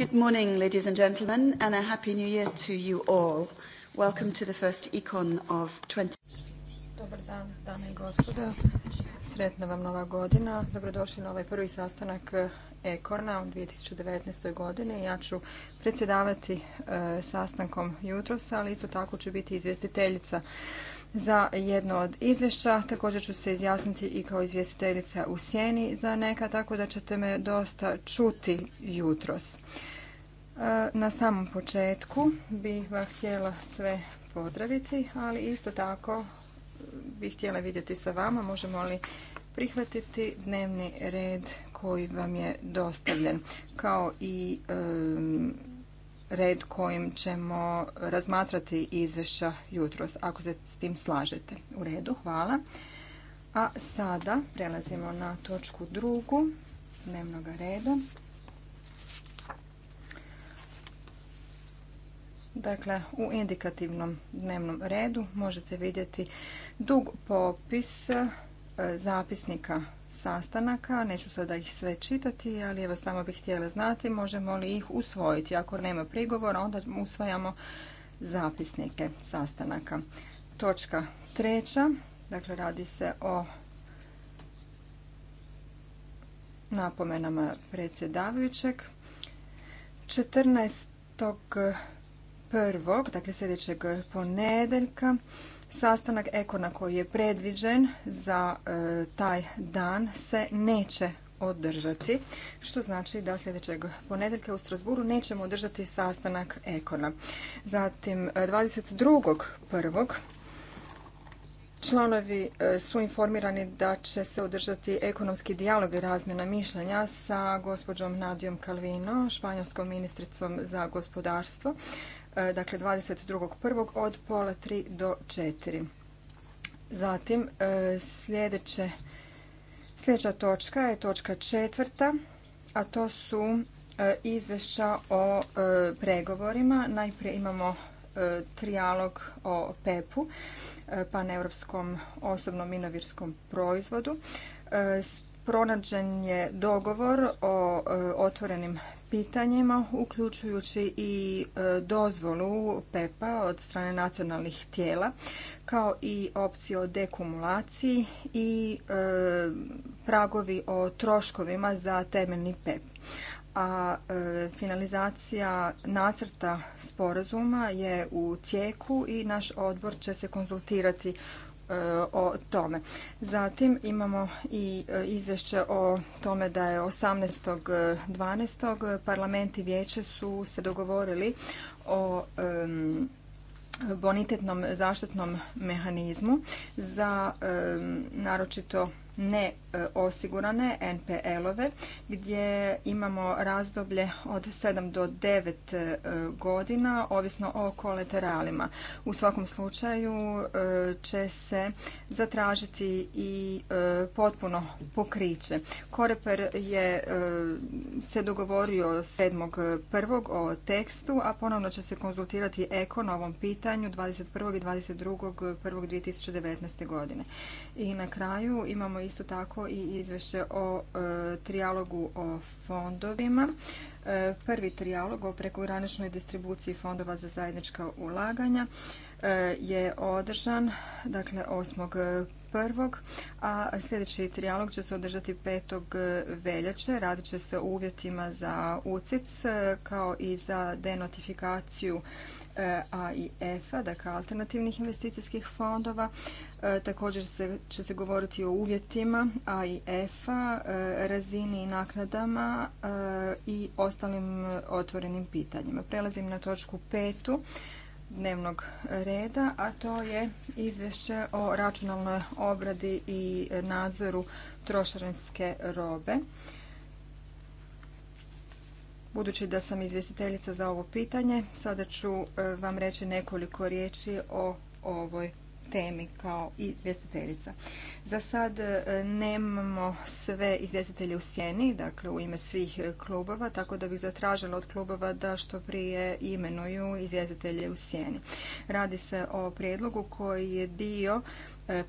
Good morning, ladies and gentlemen, and a happy new year to you all. Welcome to the first econ of 20... Dobar dan, dame i gospodo. Sretna vam nova godina. Dobrodošli na ovaj prvi sastanak econa eh, u 2019. godini. Ja ću predsjedavati eh, sastankom jutros, ali isto tako ću biti izvjestiteljica za jedno od izvješća. Također ću se izjasniti i kao izvjestiteljica u sjeni za neka, tako da ćete me dosta čuti jutros. E, na samom početku bih vam htjela sve pozdraviti, ali isto tako e, bih htjela vidjeti sa vama možemo li prihvatiti dnevni red koji vam je dostavljen, kao i red kojim ćemo razmatrati izvješća jutros, ako se s tim slažete. U redu, hvala. A sada prelazimo na točku drugu dnevnog reda. Dakle, u indikativnom dnevnom redu možete vidjeti dug popis e, zapisnika sastanaka. Neću sada ih sve čitati, ali evo samo bih htjela znati možemo li ih usvojiti. Ako nema prigovora, onda usvajamo zapisnike sastanaka. Točka treća, dakle radi se o napomenama predsjedavajućeg. 14. prvog, dakle sljedećeg ponedeljka, Sastanak Ekona koji je predviđen za e, taj dan se neće održati, što znači da sljedećeg ponedjeljka u Strasburu nećemo održati sastanak Ekona. Zatim 22.1. E, članovi e, su informirani da će se održati ekonomski dijalog i razmjena mišljenja sa gospođom Nadijom Kalvino, španjolskom ministricom za gospodarstvo, E, dakle 22.1. od pola 3 do 4. Zatim e, sljedeće, sljedeća točka je točka četvrta, a to su e, izvješća o pregovorima. Najprije imamo trijalog o PEP-u, paneuropskom osobnom inovirskom proizvodu. Pronađen je dogovor o otvorenim pitanjima, uključujući i e, dozvolu PEPA od strane nacionalnih tijela, kao i opcije o dekumulaciji i e, pragovi o troškovima za temeljni PEP. E A finalizacija nacrta sporazuma je u tijeku i naš odbor će se konzultirati E, o tome. Zatim imamo i e, izvješće o tome da je 18.12. parlament i vijeće su se dogovorili o bonitetnom zaštitnom mehanizmu za naročito ne E, osigurane NPL-ove gdje imamo razdoblje od 7 do 9 e, godina ovisno o kolateralima. U svakom slučaju e, će se zatražiti i potpuno pokriće. Koreper je se dogovorio 7.1. o tekstu, a ponovno će se konzultirati Eko na ovom pitanju 21. i 2019. godine. I na kraju imamo isto tako i izvješće o e, trijalogu o fondovima. E, prvi trijalog o prekograničnoj distribuciji fondova za zajednička ulaganja e, je održan, dakle 8.1. a sljedeći trijalog će se održati 5. veljače. Radit će se o uvjetima za UCIC kao i za denotifikaciju E, i a dakle alternativnih investicijskih fondova. E, također će se govoriti o uvjetima AIF-a, e, razini i naknadama i ostalim otvorenim pitanjima. Prelazim na točku petu dnevnog reda, a to je izvješće o računalnoj obradi i nadzoru trošarinske robe. Budući da sam izvjestiteljica za ovo pitanje, sada ću e, vam reći nekoliko riječi o ovoj temi kao izvjestiteljica. Za sad e, nemamo sve izvjestitelje u sjeni, dakle u ime svih e, klubova, tako da bih zatražila od klubova da što prije imenuju izvjestitelje u sjeni. Radi se o prijedlogu koji je dio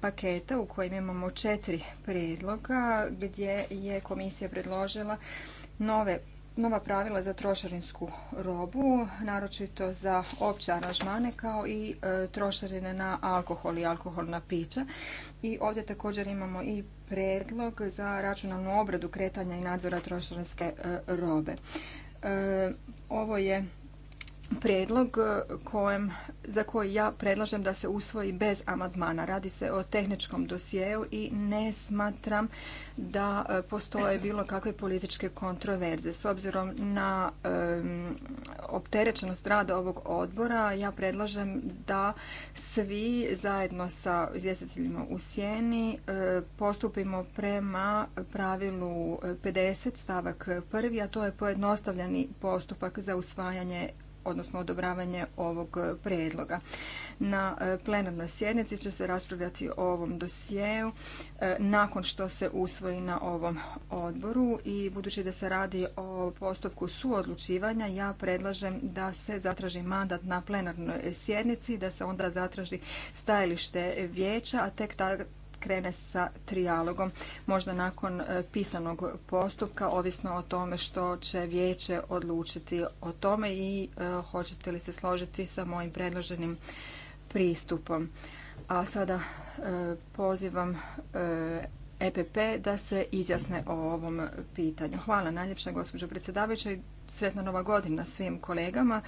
paketa u kojem imamo četiri prijedloga gdje je komisija predložila nove nova pravila za trošarinsku robu, naročito za opće aranžmane kao i e, trošarine na alkohol i alkoholna pića. I ovdje također imamo i predlog za računalnu obradu kretanja i nadzora trošarinske e, robe. E, ovo je prijedlog e, kojem, za koji ja predlažem da se usvoji bez amandmana. Radi se o tehničkom dosijeju i ne smatram da e, postoje bilo kakve političke kontroverze. S obzirom na um, opterećenost rada ovog odbora, ja predlažem da svi zajedno sa izvjestiteljima u sjeni e, postupimo prema pravilu 50 stavak prvi, a to je pojednostavljeni postupak za usvajanje odnosno odobravanje ovog e, prijedloga. Na e, plenarnoj sjednici će se raspravljati o ovom dosjeu e, nakon što se usvoji na ovom odboru i budući da se radi o postupku suodlučivanja ja predlažem da se zatraži mandat na plenarnoj sjednici da se onda zatraži stajalište vijeća a tek krene sa trijalogom, možda nakon e, pisanog postupka, ovisno o tome što će vijeće odlučiti o tome i e, hoćete li se složiti sa mojim predloženim pristupom. A sada e, pozivam EPP da se izjasne o ovom pitanju. Hvala najljepša gospođo predsjedavajuća i sretna nova godina svim kolegama.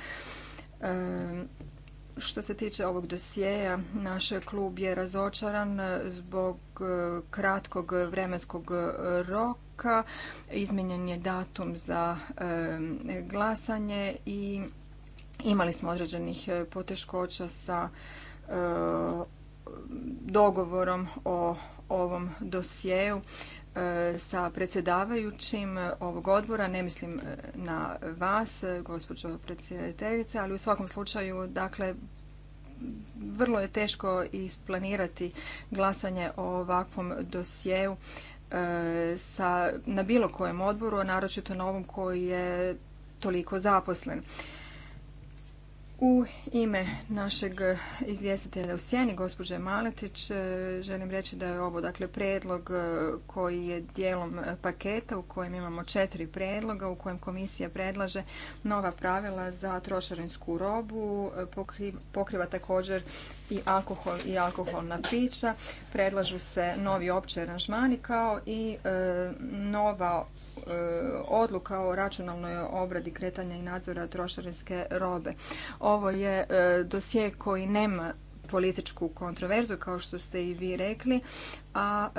Što se tiče ovog dosjeja, naš klub je razočaran zbog e, kratkog vremenskog roka. Izmijenjen je datum za e, glasanje i imali smo određenih e, poteškoća sa dogovorom o ovom dosijeju sa predsjedavajućim ovog odbora, ne mislim e, na vas, e, gospođo predsjedateljice, ali u svakom slučaju, dakle, vrlo je teško isplanirati glasanje o ovakvom dosjeu e, sa, na bilo kojem odboru, a naročito na ovom koji je toliko zaposlen. U ime našeg izvjestitelja u sjeni, gospođe Maletić, e, želim reći da je ovo dakle, predlog e, koji je dijelom e, paketa u kojem imamo četiri predloga u kojem komisija predlaže nova pravila za trošarinsku robu, pokriva također i alkohol i alkoholna pića, predlažu se novi opći aranžmani kao i e, nova e, odluka o računalnoj obradi kretanja i nadzora trošarinske robe. Ovo je e, dosje koji nema političku kontroverzu kao što ste i vi rekli, a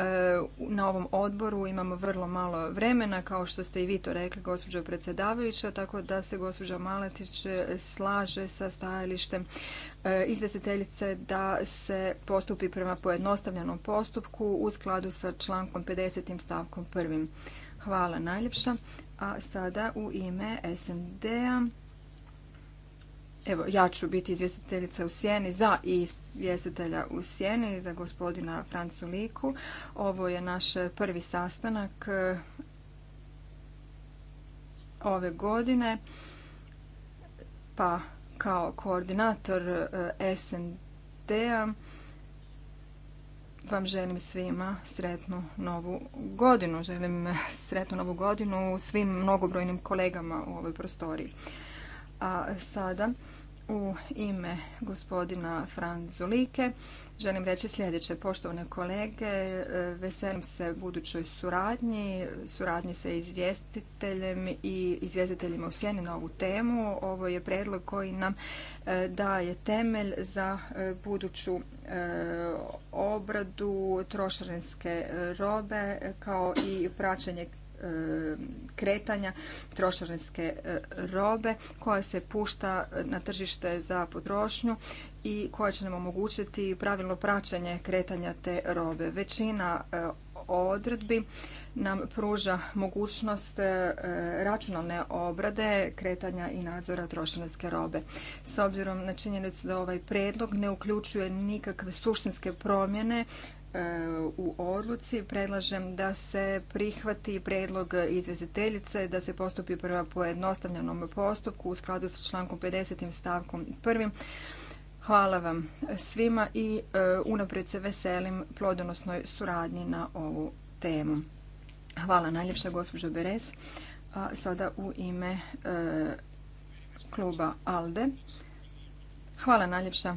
na ovom odboru imamo vrlo malo vremena kao što ste i vi to rekli gospođo predsjedavajuća, tako da se gospođa Maletić slaže sa stajalištem E, izvjestiteljice da se postupi prema pojednostavljenom postupku u skladu sa člankom 50. stavkom 1. Hvala najljepša. A sada u ime smd a Evo, ja ću biti izvjestiteljica u sjeni za izvjestitelja u sjeni za gospodina Francu Liku. Ovo je naš prvi sastanak e, ove godine. Pa kao koordinator e, SND-a vam želim svima sretnu novu godinu. Želim sretnu novu godinu svim mnogobrojnim kolegama u ovoj prostoriji. A sada u ime gospodina Franzulike Želim reći sljedeće, poštovane kolege, veselim se budućoj suradnji, suradnji sa izvjestiteljem i izvjestiteljima u sjeni na ovu temu. Ovo je predlog koji nam e, daje temelj za e, buduću e, obradu trošarinske robe kao i praćenje kretanja trošarinske robe koja se pušta na tržište za potrošnju i koja će nam omogućiti pravilno praćenje kretanja te robe. Većina e, odredbi nam pruža mogućnost e, računalne obrade kretanja i nadzora trošarinske robe. S obzirom na činjenicu da ovaj predlog ne uključuje nikakve suštinske promjene e, u odluci predlažem da se prihvati predlog izvjestiteljice da se postupi prema pojednostavljenom postupku u skladu sa člankom 50. stavkom 1 Hvala vam svima i e, unaprijed se veselim plodonosnoj suradnji na ovu temu. Hvala najljepša gospođo Beres. A sada u ime e, kluba ALDE. Hvala najljepša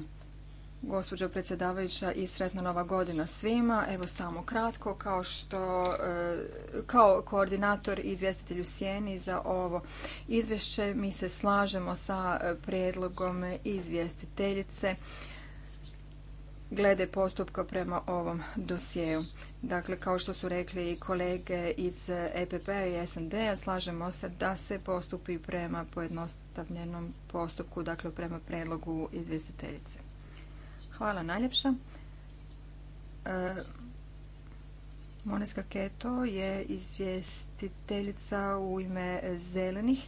Gospođo predsjedavajuća i sretna nova godina svima. Evo samo kratko, kao što e, kao koordinator i izvjestitelj u sjeni za ovo izvješće mi se slažemo sa e, prijedlogom izvjestiteljice glede postupka prema ovom dosijeju. Dakle, kao što su rekli i kolege iz epp e i snd slažemo se da se postupi prema pojednostavljenom postupku, dakle prema prijedlogu izvjestiteljice. Hvala najljepša. E, Moneska Keto je izvjestiteljica u ime zelenih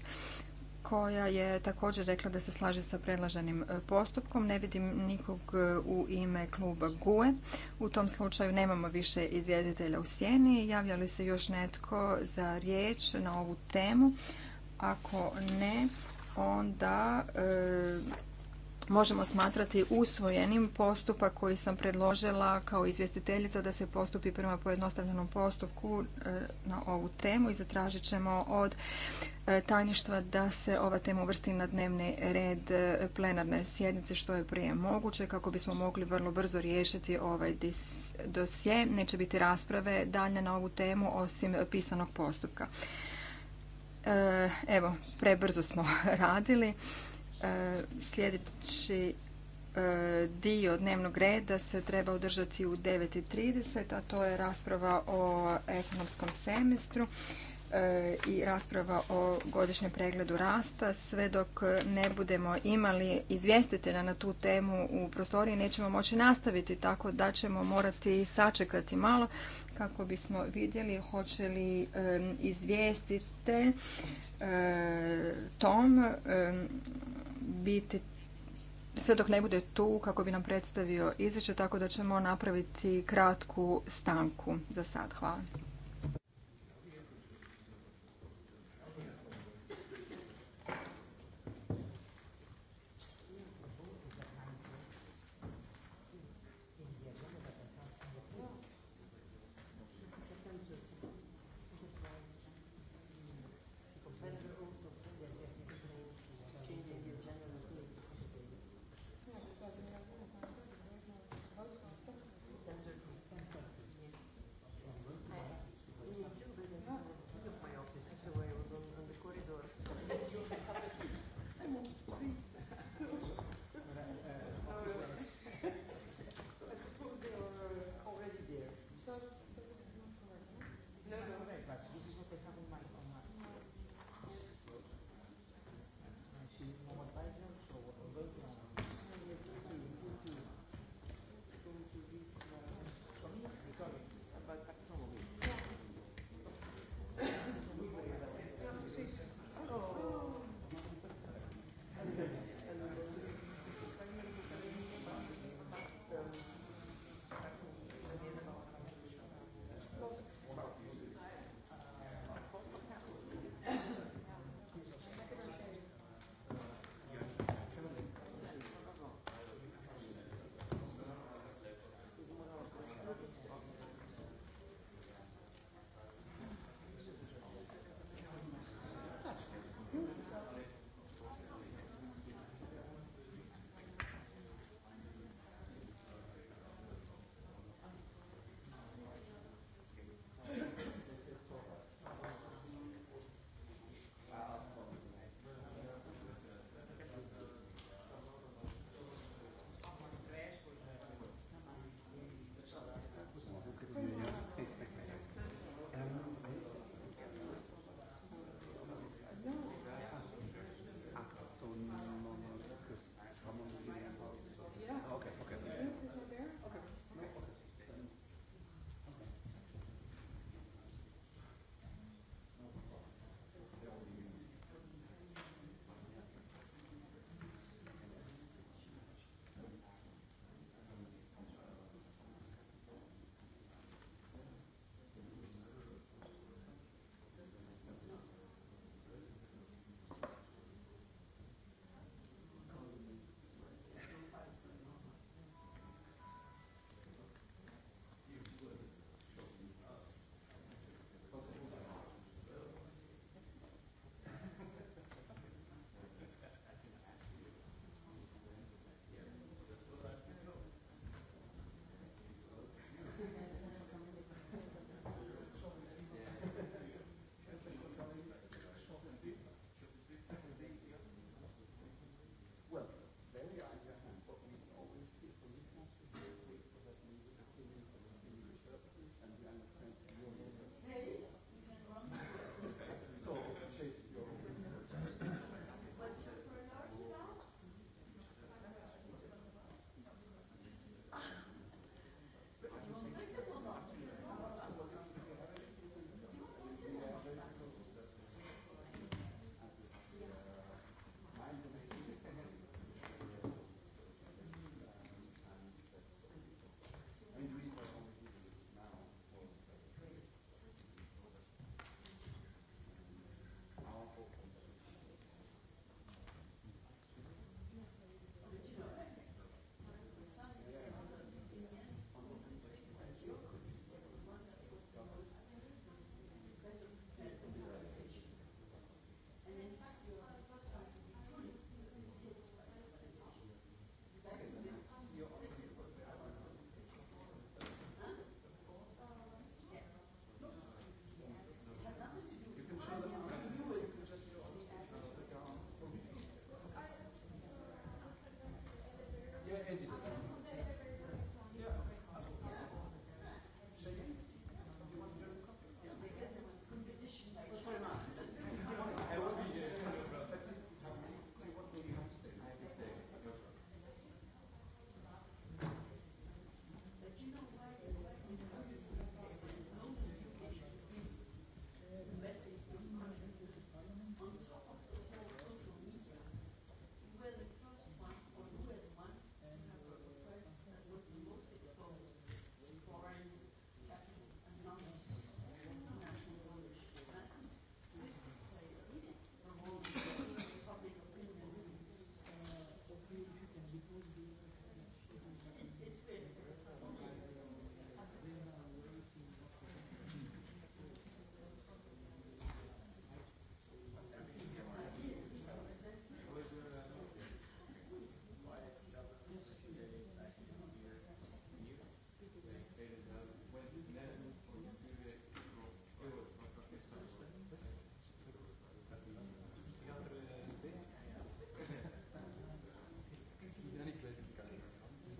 koja je također rekla da se slaže sa predlaženim e, postupkom. Ne vidim nikog e, u ime kluba GUE. U tom slučaju nemamo više izvjestitelja u sjeni. Javlja li se još netko za riječ na ovu temu? Ako ne, onda možemo smatrati usvojenim postupak koji sam predložila kao izvjestiteljica da se postupi prema pojednostavljenom postupku e, na ovu temu i zatražit ćemo od e, tajništva da se ova tema uvrsti na dnevni red e, plenarne sjednice što je prije moguće kako bismo mogli vrlo brzo riješiti ovaj dosje. Neće biti rasprave dalje na ovu temu osim pisanog postupka. Evo, prebrzo smo radili. E, sljedeći e, dio dnevnog reda se treba održati u 9.30, a to je rasprava o ekonomskom semestru e, i rasprava o godišnjem pregledu rasta. Sve dok ne budemo imali izvjestitelja na tu temu u prostoriji nećemo moći nastaviti, tako da ćemo morati sačekati malo kako bismo vidjeli hoće li izvjestite Tom biti sve dok ne bude tu kako bi nam predstavio izvješće, tako da ćemo napraviti kratku stanku za sad. Hvala.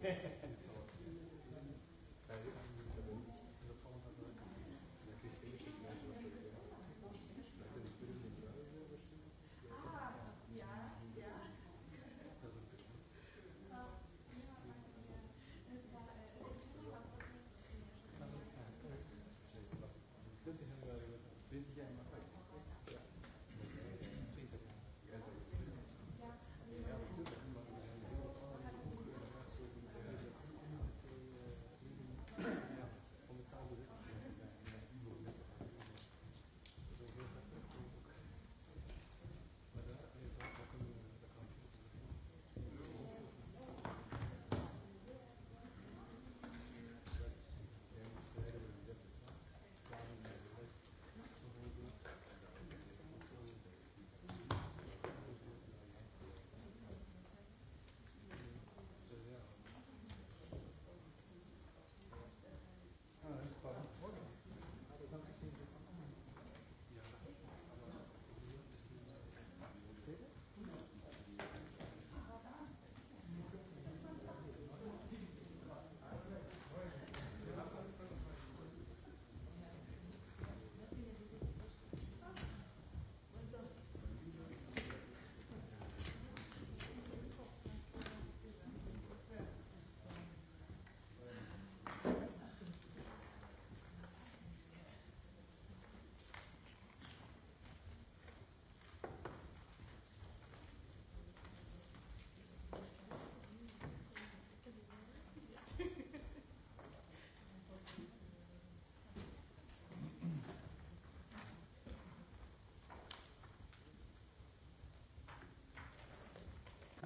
Hvala što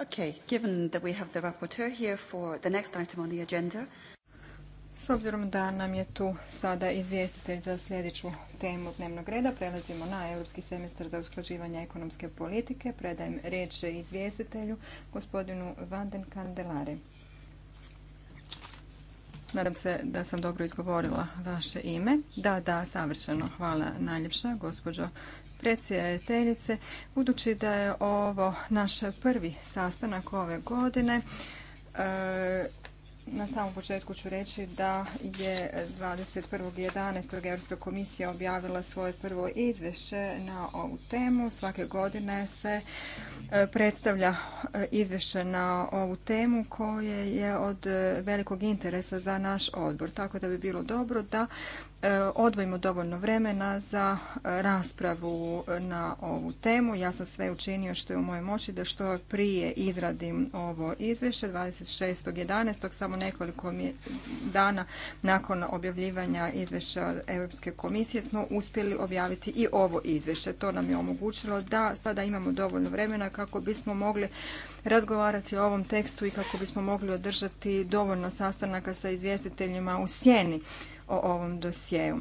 Okay, given that we have the rapporteur here for the next item on the agenda. S obzirom da nam je tu sada izvjestitelj za sljedeću temu dnevnog reda, prelazimo na Europski semestar za usklađivanje ekonomske politike. Predajem riječ izvjestitelju, gospodinu Vanden Kandelare. Nadam se da sam dobro izgovorila vaše ime. Da, da, savršeno. Hvala najljepša, gospođo predsjedateljice. Budući da je ovo naš prvi sastanak ove godine, e, na samom početku ću reći da je 21.11. Europska komisija objavila svoje prvo izvješće na ovu temu. Svake godine se e, predstavlja e, izvješće na ovu temu koje je od e, velikog interesa za naš odbor. Tako da bi bilo dobro da odvojimo dovoljno vremena za raspravu na ovu temu. Ja sam sve učinio što je u mojoj moći da što prije izradim ovo izvješće 26.11. samo nekoliko dana nakon objavljivanja izvješća Europske komisije smo uspjeli objaviti i ovo izvješće. To nam je omogućilo da sada imamo dovoljno vremena kako bismo mogli razgovarati o ovom tekstu i kako bismo mogli održati dovoljno sastanaka sa izvjestiteljima u sjeni o ovom dosjeju.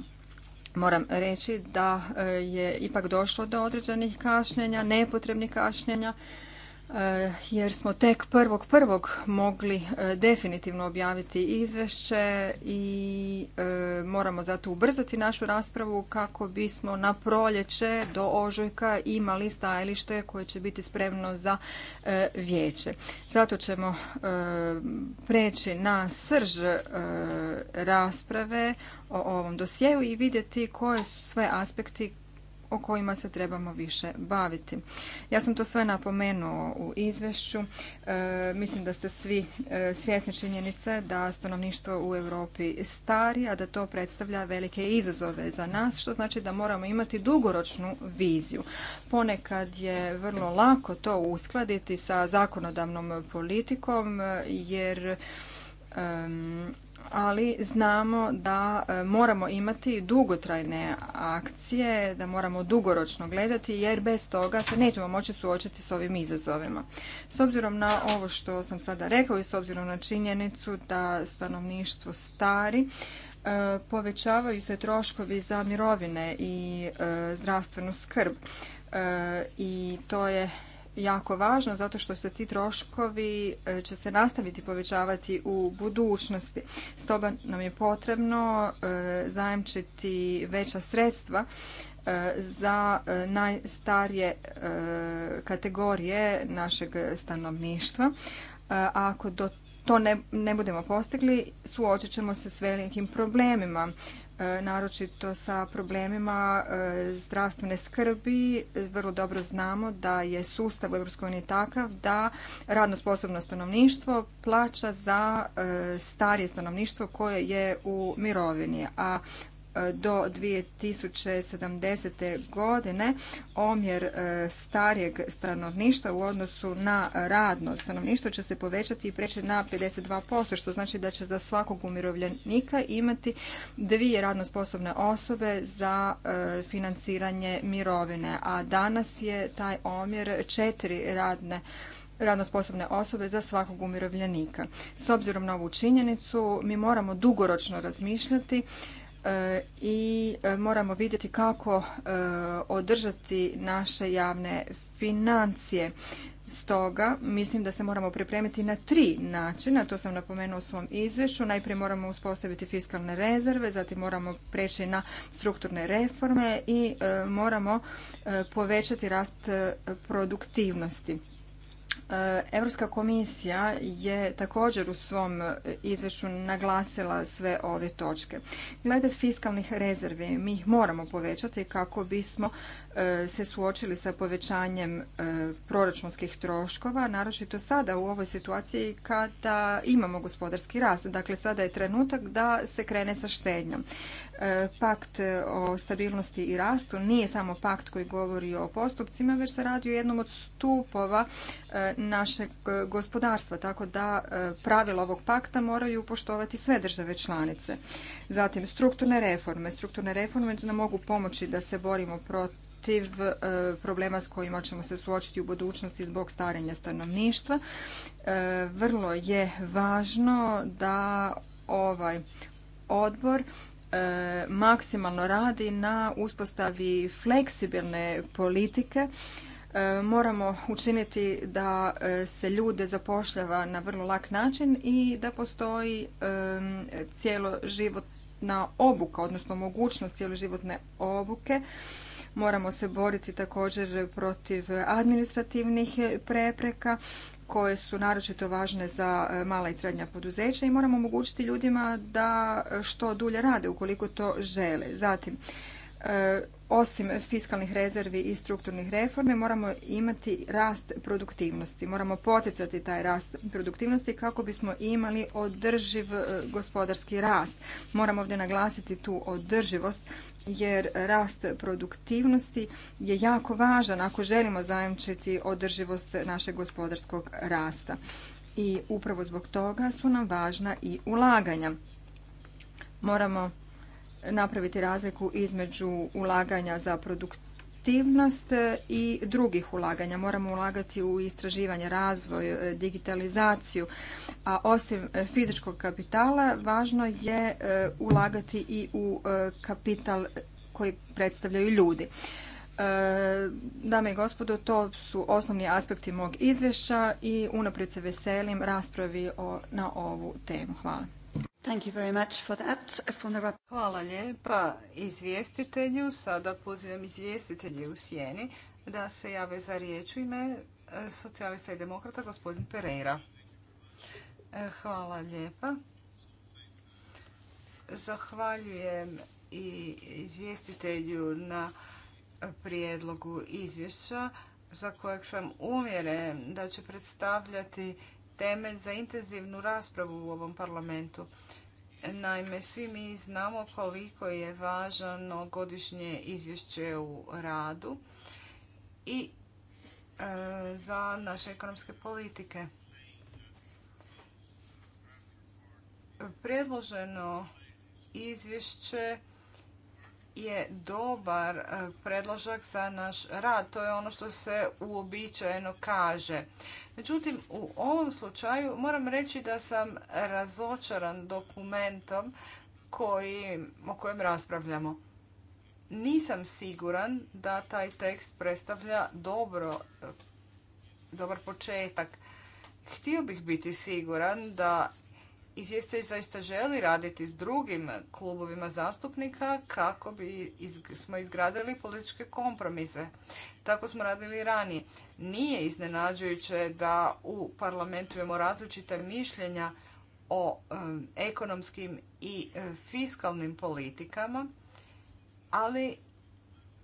Moram reći da e, je ipak došlo do određenih kašnjenja, nepotrebnih kašnjenja Eh, jer smo tek prvog prvog mogli eh, definitivno objaviti izvješće i eh, moramo zato ubrzati našu raspravu kako bismo na proljeće do ožujka imali stajalište koje će biti spremno za vijeće. Zato ćemo preći na srž rasprave o ovom dosjeu i vidjeti koje su sve aspekti o kojima se trebamo više baviti. Ja sam to sve napomenuo u izvješću. E, mislim da ste svi e, svjesni činjenice da stanovništvo u Europi stari, a da to predstavlja velike izazove za nas, što znači da moramo imati dugoročnu viziju. Ponekad je vrlo lako to uskladiti sa zakonodavnom politikom, e, jer ali znamo da e, moramo imati dugotrajne akcije, da moramo dugoročno gledati jer bez toga se nećemo moći suočiti s ovim izazovima. S obzirom na ovo što sam sada rekao i s obzirom na činjenicu da stanovništvo stari, e, povećavaju se troškovi za mirovine i e, zdravstvenu skrb i to je jako važno zato što se ti troškovi e, će se nastaviti povećavati u budućnosti. Stoga nam je potrebno e, zajamčiti veća sredstva e, za najstarije kategorije našeg stanovništva. ako do to ne, ne budemo postigli, suočit ćemo se s velikim problemima E, naročito sa problemima e, zdravstvene skrbi. Vrlo dobro znamo da je sustav u EU takav da radno sposobno stanovništvo plaća za e, starije stanovništvo koje je u mirovini, a do 2070. godine omjer e, starijeg stanovništva u odnosu na radno stanovništvo će se povećati i preći na 52%, što znači da će za svakog umirovljenika imati dvije radno sposobne osobe za e, financiranje mirovine, a danas je taj omjer četiri radne radno sposobne osobe za svakog umirovljenika. S obzirom na ovu činjenicu mi moramo dugoročno razmišljati E, i e, moramo vidjeti kako e, održati naše javne financije. Stoga mislim da se moramo pripremiti na tri načina, to sam napomenuo u svom izvješću. Najprije moramo uspostaviti fiskalne rezerve, zatim moramo preći na strukturne reforme i moramo povećati rast produktivnosti. Europska komisija je također u svom e, izvješću naglasila sve ove točke. Glede fiskalnih rezervi, mi ih moramo povećati kako bismo e, se suočili sa povećanjem e, proračunskih troškova, naročito sada u ovoj situaciji kada imamo gospodarski rast. Dakle, sada je trenutak da se krene sa štednjom. E, pakt e, o stabilnosti i rastu nije samo pakt koji govori o postupcima, već se radi o jednom od stupova e, našeg gospodarstva, tako da pravila ovog pakta moraju poštovati sve države članice. Zatim, strukturne reforme. Strukturne reforme nam mogu pomoći da se borimo protiv problema s kojima ćemo se suočiti u budućnosti zbog starenja stanovništva. Vrlo je važno da ovaj odbor E, maksimalno radi na uspostavi fleksibilne politike e, moramo učiniti da e, se ljude zapošljava na vrlo lak način i da postoji cijelo životna obuka, odnosno mogućnost cijeloživotne obuke. Moramo se boriti također protiv administrativnih prepreka koje su naročito važne za e, mala i srednja poduzeća i moramo omogućiti ljudima da e, što dulje rade ukoliko to žele. Zatim, e, osim fiskalnih rezervi i strukturnih reforme moramo imati rast produktivnosti. Moramo poticati taj rast produktivnosti kako bismo imali održiv gospodarski rast. Moramo ovdje naglasiti tu održivost jer rast produktivnosti je jako važan ako želimo zajamčiti održivost našeg gospodarskog rasta. I upravo zbog toga su nam važna i ulaganja. Moramo napraviti razliku između ulaganja za produkt aktivnost e, i drugih ulaganja. Moramo ulagati u istraživanje, razvoj, e, digitalizaciju, a osim e, fizičkog kapitala važno je ulagati i u kapital koji predstavljaju ljudi. Dame i gospodo, to su osnovni aspekti mog izvješća i unaprijed se veselim raspravi na ovu temu. Hvala. Thank you Hvala lijepa izvjestitelju. Sada pozivam izvjestitelje u sjeni da se jave za riječ u ime e, socijalista i demokrata gospodin Pereira. E, hvala lijepa. Zahvaljujem i izvjestitelju na prijedlogu izvješća za kojeg sam uvjeren da će predstavljati temelj za intenzivnu raspravu u ovom parlamentu. Naime, svi mi znamo koliko je važno godišnje izvješće u radu i e, za naše ekonomske politike. Predloženo izvješće je dobar e, predložak za naš rad. To je ono što se uobičajeno kaže. Međutim, u ovom slučaju moram reći da sam razočaran dokumentom koji, o kojem raspravljamo. Nisam siguran da taj tekst predstavlja dobro, e, dobar početak. Htio bih biti siguran da izvjestitelj zaista želi raditi s drugim klubovima zastupnika kako bi smo izgradili političke kompromise. Tako smo radili ranije. Nije iznenađujuće da u parlamentu imamo različita mišljenja o ekonomskim i e, fiskalnim politikama, ali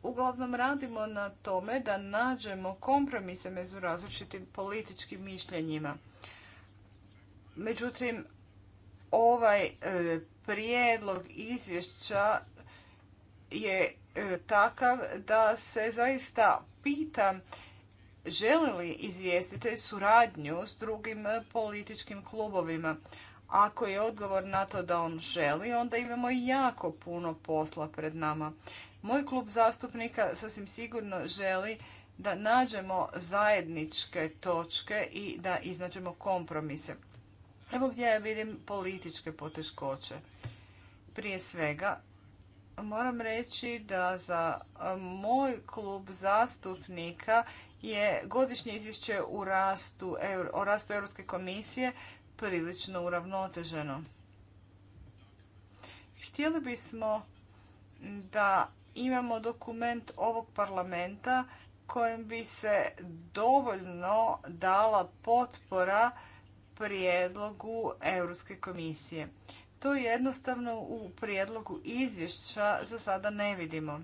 uglavnom radimo na tome da nađemo kompromise među različitim političkim mišljenjima. Međutim, ovaj e, prijedlog izvješća je e, takav da se zaista pitam želi li izvjestitelj suradnju s drugim e, političkim klubovima. Ako je odgovor na to da on želi, onda imamo jako puno posla pred nama. Moj klub zastupnika sasvim sigurno želi da nađemo zajedničke točke i da iznađemo kompromise. Evo gdje ja vidim političke poteškoće. Prije svega, moram reći da za moj klub zastupnika je godišnje izvješće u rastu, o rastu Europske komisije prilično uravnoteženo. Htjeli bismo da imamo dokument ovog parlamenta kojem bi se dovoljno dala potpora prijedlogu Europske komisije. To jednostavno u prijedlogu izvješća za sada ne vidimo.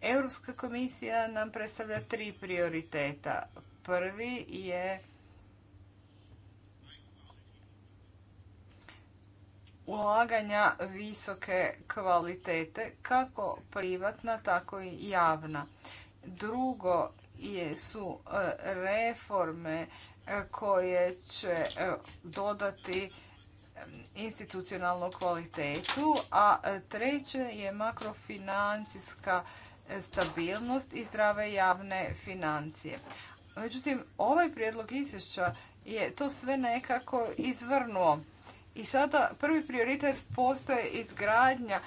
Europska komisija nam predstavlja tri prioriteta. Prvi je ulaganja visoke kvalitete, kako privatna, tako i javna. Drugo jesu e, reforme e, koje će e, dodati institucionalnu kvalitetu, a treće je makrofinancijska stabilnost i zdrave javne financije. Međutim, ovaj prijedlog izvješća je to sve nekako izvrnuo. I sada prvi prioritet postaje izgradnja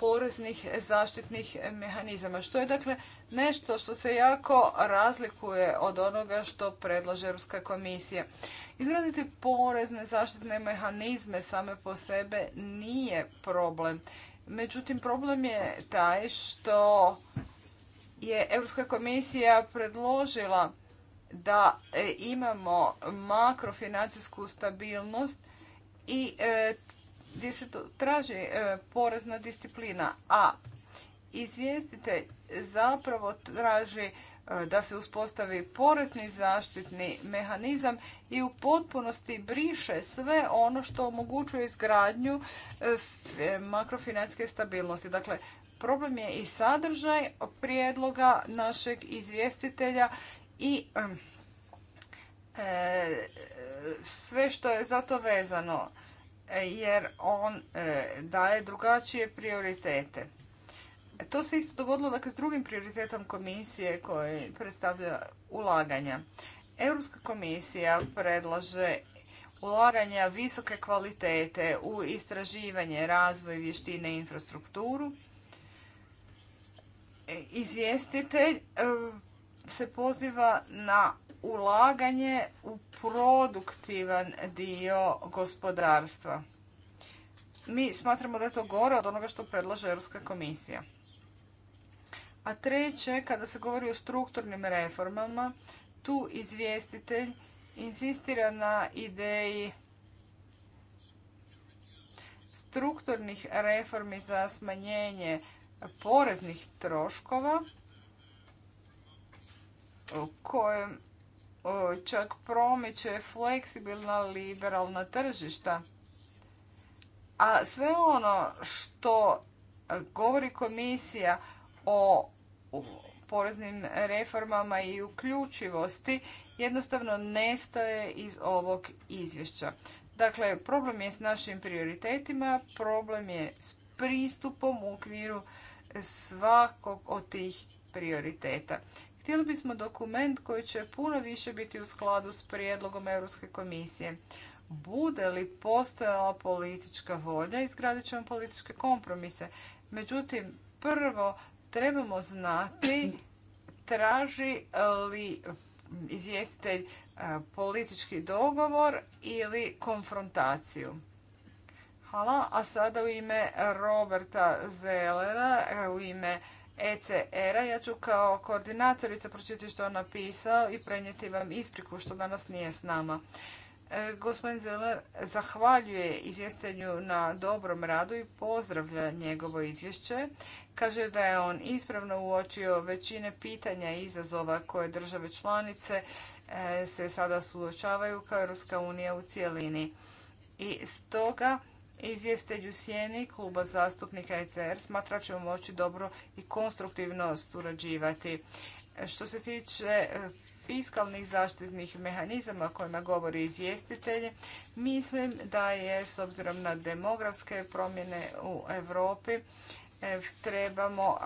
poreznih zaštitnih mehanizama, što je dakle nešto što se jako razlikuje od onoga što predlaže Europska komisija. Izgraditi porezne zaštitne mehanizme same po sebe nije problem. Međutim, problem je taj što je Europska komisija predložila da e, imamo makrofinancijsku stabilnost i e, gdje se traži e, porezna disciplina, a Izvjestitelj zapravo traži e, da se uspostavi porezni zaštitni mehanizam i u potpunosti briše sve ono što omogućuje izgradnju e, e, makrofinanske stabilnosti. Dakle, problem je i sadržaj prijedloga našeg izvjestitelja i sve što je za to vezano jer on daje drugačije prioritete. To se isto dogodilo dakle, s drugim prioritetom komisije koji predstavlja ulaganja. Europska komisija predlaže ulaganja visoke kvalitete u istraživanje, razvoj, vještine i infrastrukturu. E, izvjestitelj e, se poziva na ulaganje u produktivan dio gospodarstva. Mi smatramo da je to gore od onoga što predlaže Europska komisija. A treće, kada se govori o strukturnim reformama, tu izvjestitelj insistira na ideji strukturnih reformi za smanjenje poreznih troškova koje čak promiče fleksibilna liberalna tržišta. A sve ono što govori komisija o u poreznim reformama i uključivosti jednostavno nestaje iz ovog izvješća. Dakle, problem je s našim prioritetima, problem je s pristupom u okviru svakog od tih prioriteta. Htjeli bismo dokument koji će puno više biti u skladu s prijedlogom Europske komisije. Bude li postojala politička volja, izgradit ćemo političke kompromise. Međutim, prvo trebamo znati traži li izvjestitelj e, politički dogovor ili konfrontaciju. Hvala, a sada u ime Roberta Zellera, e, u ime ECR-a, ja ću kao koordinatorica pročitati što je napisao i prenijeti vam ispriku što danas nije s nama. Gospodin Zeller zahvaljuje izvjestanju na dobrom radu i pozdravlja njegovo izvješće. Kaže da je on ispravno uočio većine pitanja i izazova koje države članice e, se sada suočavaju kao Europska unija u cijelini. I stoga izvjestelju Sjeni kluba zastupnika ECR smatra ćemo moći dobro i konstruktivno surađivati. Što se tiče e, fiskalnih zaštitnih mehanizama kojima govori izvjestitelj, mislim da je s obzirom na demografske promjene u Europi e, trebamo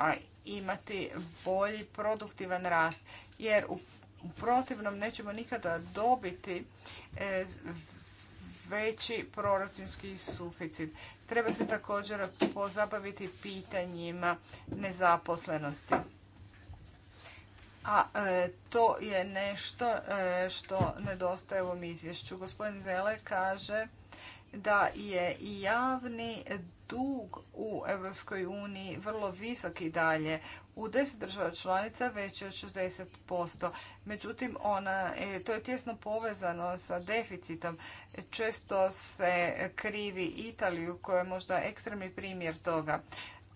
imati bolji produktivan rast jer u protivnom nećemo nikada dobiti e, veći proračunski suficit. Treba se također pozabaviti pitanjima nezaposlenosti a e, to je nešto e, što nedostaje u ovom izvješću. Gospodin Zele kaže da je javni dug u EU uniji vrlo visok i dalje. U deset država članica već je od 60%. Međutim, ona, e, to je tjesno povezano sa deficitom. Često se krivi Italiju koja je možda ekstremni primjer toga.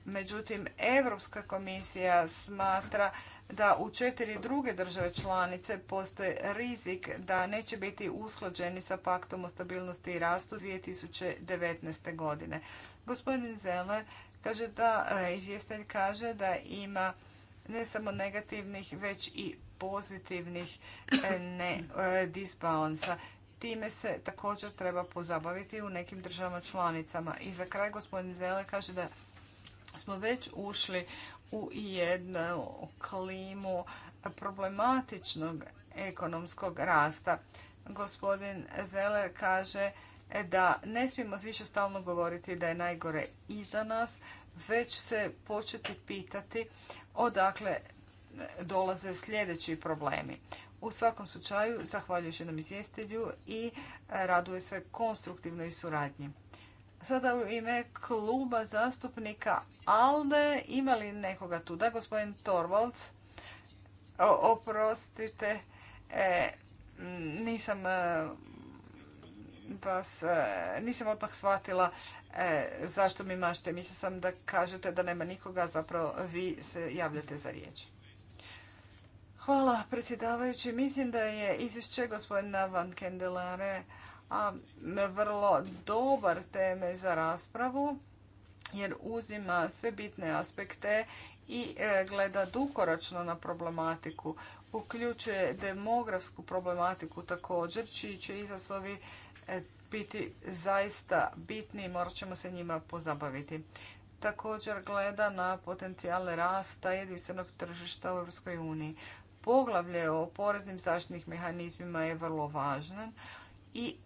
Međutim, Europska komisija smatra da u četiri druge države članice postoji rizik da neće biti usklađeni sa paktom o stabilnosti i rastu 2019. godine. Gospodin zele kaže da, e, izvjestelj kaže da ima ne samo negativnih, već i pozitivnih e, e, disbalansa. Time se također treba pozabaviti u nekim državama članicama. I za kraj gospodin Zele kaže da smo već ušli u jednu klimu problematičnog ekonomskog rasta. Gospodin Zeller kaže da ne smijemo više stalno govoriti da je najgore iza nas, već se početi pitati odakle dolaze sljedeći problemi. U svakom slučaju, zahvaljujući nam izvjestelju i raduje se konstruktivnoj suradnji. Sada u ime kluba zastupnika ALDE ima li nekoga tu? Da, gospodin Torvalds. oprostite, e, nisam e, vas, e, nisam odmah shvatila zašto mi mašte. Mislim sam da kažete da nema nikoga, zapravo vi se javljate za riječ. Hvala predsjedavajući. Mislim da je izvješće gospodina Van Kendelare a vrlo dobar teme za raspravu jer uzima sve bitne aspekte i e, gleda dugoročno na problematiku. Uključuje demografsku problematiku također, čiji će izazovi e, biti zaista bitni i morat ćemo se njima pozabaviti. Također gleda na potencijale rasta jedinstvenog tržišta u EU. Poglavlje o poreznim zaštitnih mehanizmima je vrlo važan, i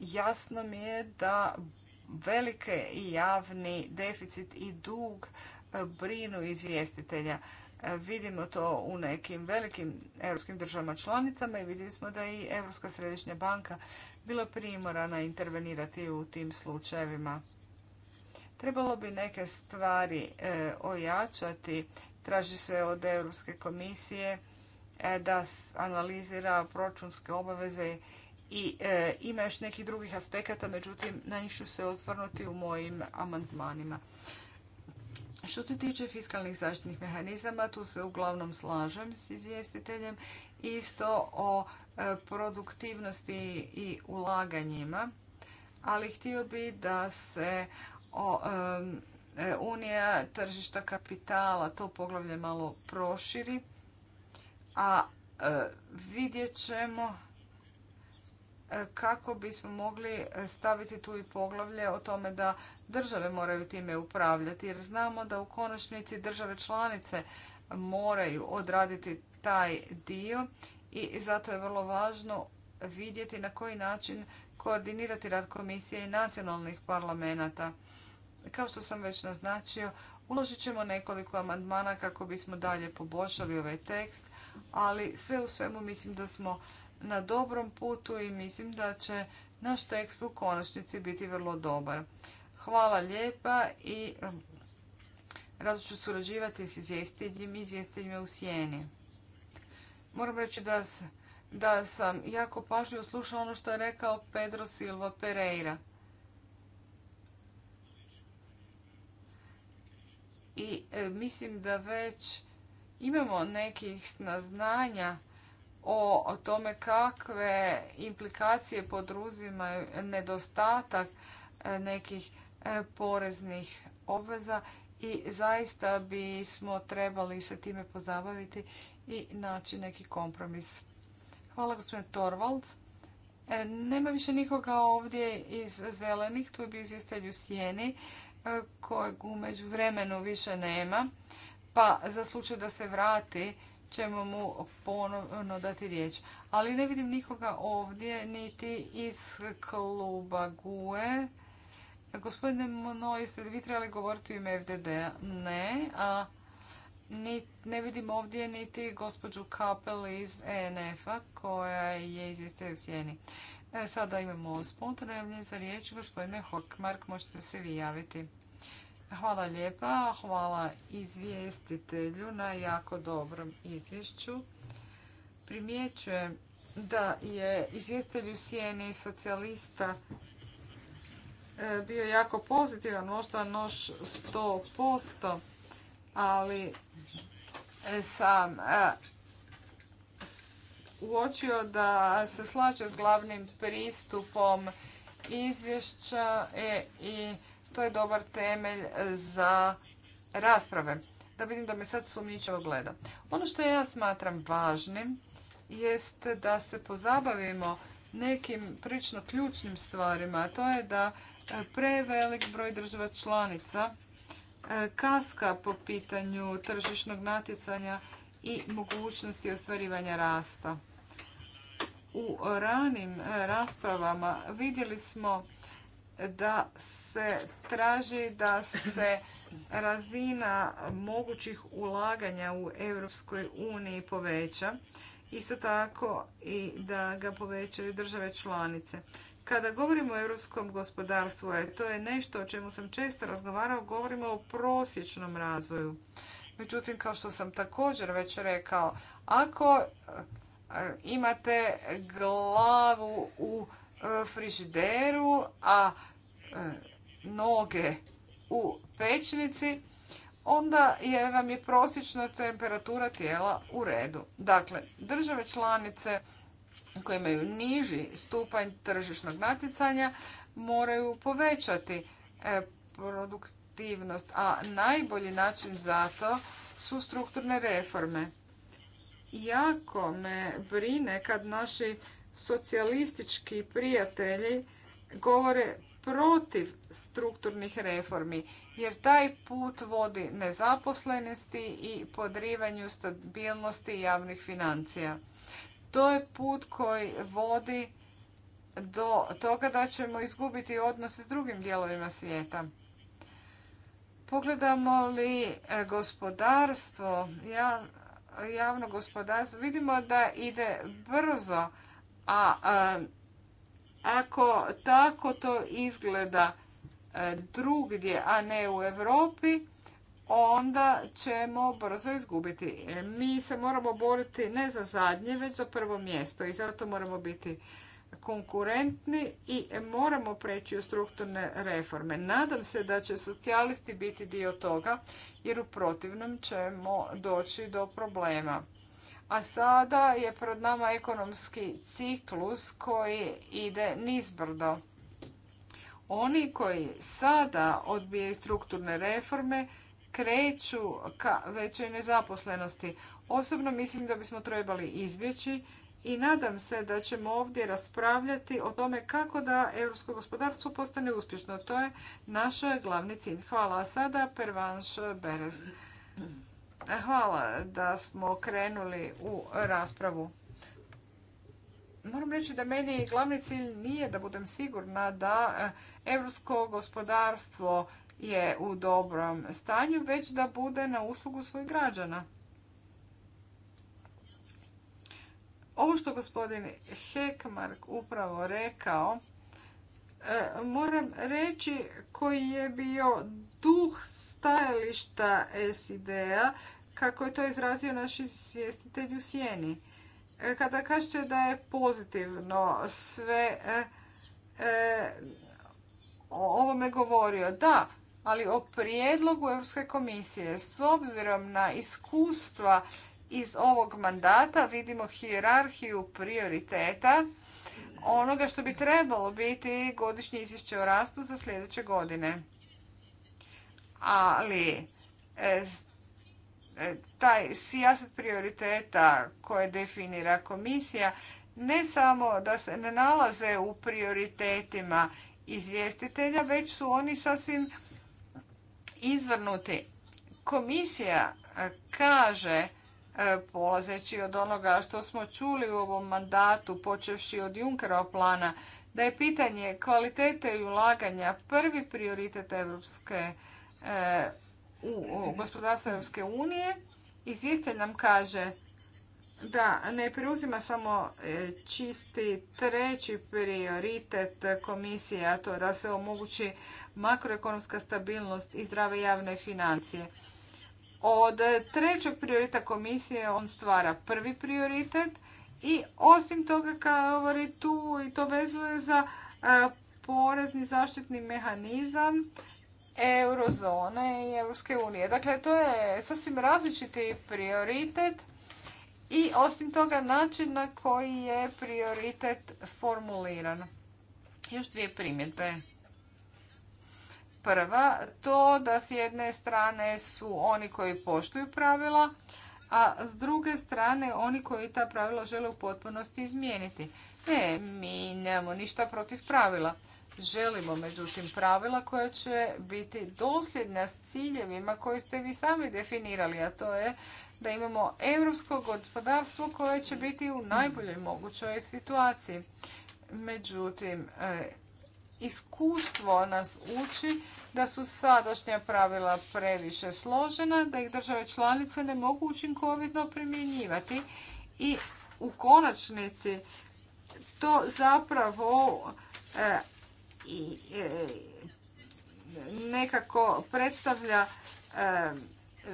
jasno mi je da velike i javni deficit i dug e, brinu izvjestitelja. E, vidimo to u nekim velikim europskim državama članicama i vidjeli smo da je i Europska središnja banka bila primorana intervenirati u tim slučajevima. Trebalo bi neke stvari e, ojačati. Traži se od Europske komisije da analizira proračunske obaveze i e, ima još nekih drugih aspekata, međutim na njih ću se osvrnuti u mojim amandmanima. Što se tiče fiskalnih zaštitnih mehanizama, tu se uglavnom slažem s izvjestiteljem. Isto o e, produktivnosti i ulaganjima, ali htio bi da se e, Unija tržišta kapitala to poglavlje malo proširi, a vidjet ćemo kako bismo mogli staviti tu i poglavlje o tome da države moraju time upravljati jer znamo da u konačnici države članice moraju odraditi taj dio i zato je vrlo važno vidjeti na koji način koordinirati rad komisije i nacionalnih parlamenata. Kao što sam već naznačio, uložit ćemo nekoliko amandmana kako bismo dalje poboljšali ovaj tekst, ali sve u svemu mislim da smo na dobrom putu i mislim da će naš tekst u konačnici biti vrlo dobar. Hvala lijepa i rado ću surađivati s izvjestiteljima i izvjestiteljima u sjeni. Moram reći da, da sam jako pažljivo slušao ono što je rekao Pedro Silva Pereira. I mislim da već imamo nekih znanja o tome kakve implikacije podruzimaju nedostatak e, nekih e, poreznih obveza i zaista bismo trebali se time pozabaviti i naći neki kompromis. Hvala gospodine Torvald. E, nema više nikoga ovdje iz zelenih, tu je bio izvjestelj u sjeni kojeg umeđu vremenu više nema. Pa za slučaj da se vrati ćemo mu ponovno dati riječ. Ali ne vidim nikoga ovdje, niti iz kluba GUE. Gospodine Mono, jeste li vi trebali govoriti u ime FDD-a? Ne. A ne vidim ovdje niti gospođu Kapel iz ENF-a koja je iz u sjeni. E, sada imamo spontane za riječ. Gospodine Hockmark, možete se vi javiti. Hvala lijepa, hvala izvjestitelju na jako dobrom izvješću. Primjećujem da je izvjestitelj u sjeni socijalista e, bio jako pozitivan, možda noš 100%, ali e, sam e, uočio da se slaže s glavnim pristupom izvješća i to je dobar temelj za rasprave. Da vidim da me sad sumnjičavo gleda. Ono što ja smatram važnim jest da se pozabavimo nekim prilično ključnim stvarima, a to je da e, prevelik broj država članica e, kaska po pitanju tržišnog natjecanja i mogućnosti ostvarivanja rasta. U ranim e, raspravama vidjeli smo da se traži da se razina mogućih ulaganja u Europskoj uniji poveća. Isto tako i da ga povećaju države članice. Kada govorimo o europskom gospodarstvu, a to je nešto o čemu sam često razgovarao, govorimo o prosječnom razvoju. Međutim, kao što sam također već rekao, ako e, imate glavu u E, frižideru, a e, noge u pečnici, onda je vam je prosječna temperatura tijela u redu. Dakle, države članice koje imaju niži stupanj tržišnog natjecanja moraju povećati e, produktivnost, a najbolji način za to su strukturne reforme. Jako me brine kad naši socijalistički prijatelji govore protiv strukturnih reformi, jer taj put vodi nezaposlenosti i podrivanju stabilnosti javnih financija. To je put koji vodi do toga da ćemo izgubiti odnose s drugim dijelovima svijeta. Pogledamo li e, gospodarstvo, javno gospodarstvo, vidimo da ide brzo a, ako tako to izgleda e, drugdje, a ne u Europi, onda ćemo brzo izgubiti. E, mi se moramo boriti ne za zadnje, već za prvo mjesto i zato moramo biti konkurentni i moramo preći u strukturne reforme. Nadam se da će socijalisti biti dio toga jer u protivnom ćemo doći do problema. A sada je pred nama ekonomski ciklus koji ide nizbrdo. Oni koji sada odbijaju strukturne reforme kreću ka većoj nezaposlenosti. Osobno mislim da bismo trebali izbjeći i nadam se da ćemo ovdje raspravljati o tome kako da europsko gospodarstvo postane uspješno. To je naš glavni cilj. Hvala. sada Pervanš Berez. E, hvala da smo krenuli u raspravu. Moram reći da meni glavni cilj nije da budem sigurna da e, evropsko gospodarstvo je u dobrom stanju, već da bude na uslugu svojih građana. Ovo što gospodin Hekmark upravo rekao, e, moram reći koji je bio duh stajališta SID-a kako je to izrazio naš izvjestitelj u sjeni. E, kada kažete da je pozitivno sve e, e, o ovome govorio, da, ali o prijedlogu Europske komisije s obzirom na iskustva iz ovog mandata vidimo hijerarhiju prioriteta onoga što bi trebalo biti godišnje izvješće o rastu za sljedeće godine. Ali E, taj sijaset prioriteta koje definira komisija ne samo da se ne nalaze u prioritetima izvjestitelja, već su oni sasvim izvrnuti. Komisija e, kaže, e, polazeći od onoga što smo čuli u ovom mandatu, počevši od Junkerova plana, da je pitanje kvalitete i ulaganja prvi prioritet Europske u gospodarstva Europske unije. Izvjestitelj nam kaže da ne preuzima samo e, čisti treći prioritet komisije, a to da se omogući makroekonomska stabilnost i zdrave javne financije. Od trećeg prioriteta komisije on stvara prvi prioritet i osim toga govori tu i to vezuje za porezni zaštitni mehanizam eurozone i Europske unije. Dakle, to je sasvim različiti prioritet i osim toga način na koji je prioritet formuliran. Još dvije primjedbe. Prva, to da s jedne strane su oni koji poštuju pravila, a s druge strane oni koji ta pravila žele u potpunosti izmijeniti. Ne, mi nemamo ništa protiv pravila. Želimo, međutim, pravila koja će biti dosljedna s ciljevima koje ste vi sami definirali, a to je da imamo europsko gospodarstvo koje će biti u najboljoj mogućoj situaciji. Međutim, e, iskustvo nas uči da su sadašnja pravila previše složena, da ih države članice ne mogu učinkovito primjenjivati i u konačnici to zapravo e, i e, nekako predstavlja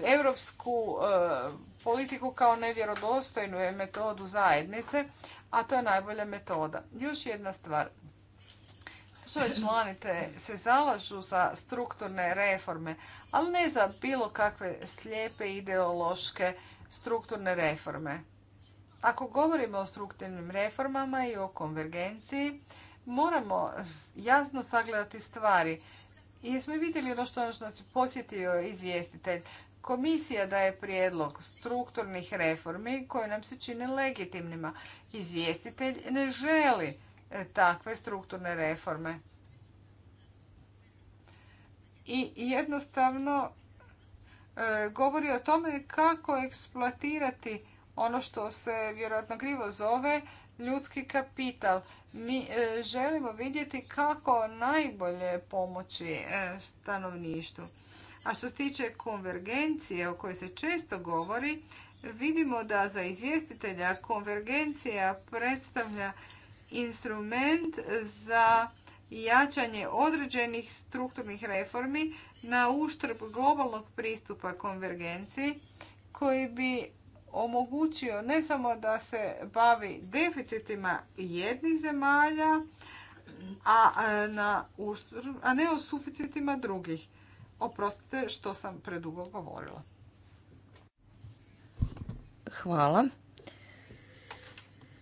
europsku e, politiku kao nevjerodostojnu metodu zajednice, a to je najbolja metoda. Još jedna stvar. Sve članite se zalažu za strukturne reforme, ali ne za bilo kakve slijepe ideološke strukturne reforme. Ako govorimo o strukturnim reformama i o konvergenciji, moramo jasno sagledati stvari. I smo vidjeli ono što nas posjetio izvjestitelj. Komisija daje prijedlog strukturnih reformi koje nam se čine legitimnima. Izvjestitelj ne želi e, takve strukturne reforme. I jednostavno e, govori o tome kako eksploatirati ono što se vjerojatno krivo zove ljudski kapital. Mi e, želimo vidjeti kako najbolje pomoći e, stanovništvu. A što se tiče konvergencije o kojoj se često govori, vidimo da za izvjestitelja konvergencija predstavlja instrument za jačanje određenih strukturnih reformi na uštrb globalnog pristupa konvergenciji koji bi omogućio ne samo da se bavi deficitima jednih zemalja, a, na, a ne o suficitima drugih. Oprostite što sam predugo govorila. Hvala.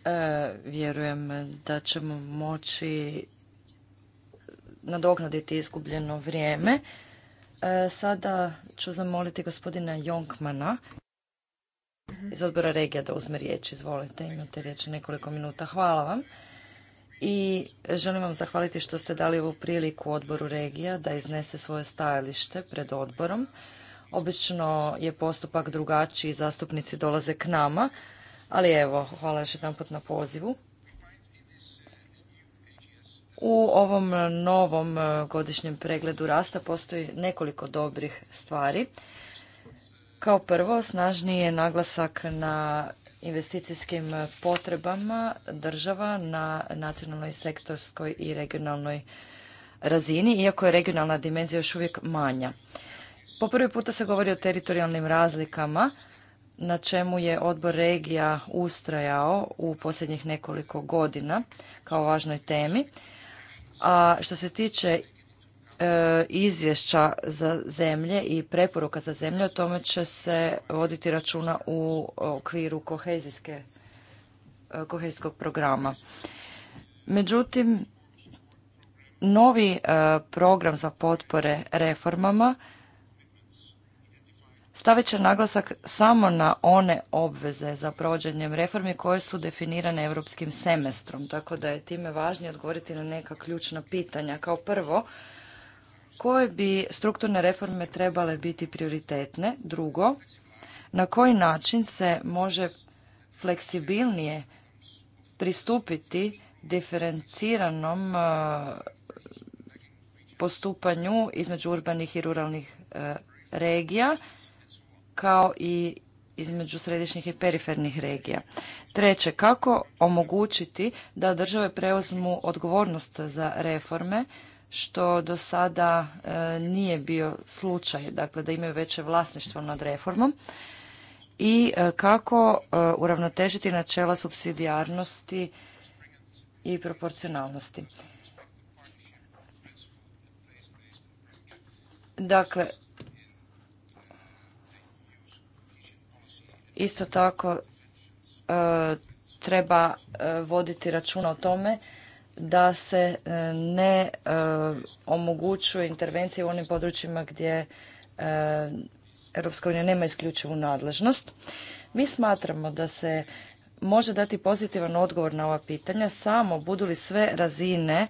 E, vjerujem da ćemo moći nadoknaditi izgubljeno vrijeme. E, sada ću zamoliti gospodina Jonkmana iz odbora regija da uzme riječ. Izvolite, imate riječ nekoliko minuta. Hvala vam. I želim vam zahvaliti što ste dali ovu priliku odboru regija da iznese svoje stajalište pred odborom. Obično je postupak drugačiji, zastupnici dolaze k nama, ali evo, hvala još jedan na pozivu. U ovom novom eh, godišnjem pregledu rasta postoji nekoliko dobrih stvari. Kao prvo, snažniji je naglasak na investicijskim potrebama država na nacionalnoj, sektorskoj i regionalnoj razini, iako je regionalna dimenzija još uvijek manja. Po prvi puta se govori o teritorijalnim razlikama, na čemu je odbor regija ustrajao u posljednjih nekoliko godina kao važnoj temi. A što se tiče E, izvješća za zemlje i preporuka za zemlje, o tome će se voditi računa u okviru kohezijske, e, kohezijskog programa. Međutim, novi e, program za potpore reformama stavit će naglasak samo na one obveze za provođenjem reformi koje su definirane europskim semestrom, tako da je time važnije odgovoriti na neka ključna pitanja. Kao prvo, koje bi strukturne reforme trebale biti prioritetne? Drugo, na koji način se može fleksibilnije pristupiti diferenciranom e, postupanju između urbanih i ruralnih e, regija kao i između središnjih i perifernih regija. Treće, kako omogućiti da države preuzmu odgovornost za reforme što do sada e, nije bio slučaj, dakle da imaju veće vlasništvo nad reformom i e, kako e, uravnotežiti načela subsidijarnosti i proporcionalnosti. Dakle, isto tako treba voditi računa o tome da se e, ne e, omogućuje intervencije u onim područjima gdje e, Europska unija nema isključivu nadležnost. Mi smatramo da se može dati pozitivan odgovor na ova pitanja samo budu li sve razine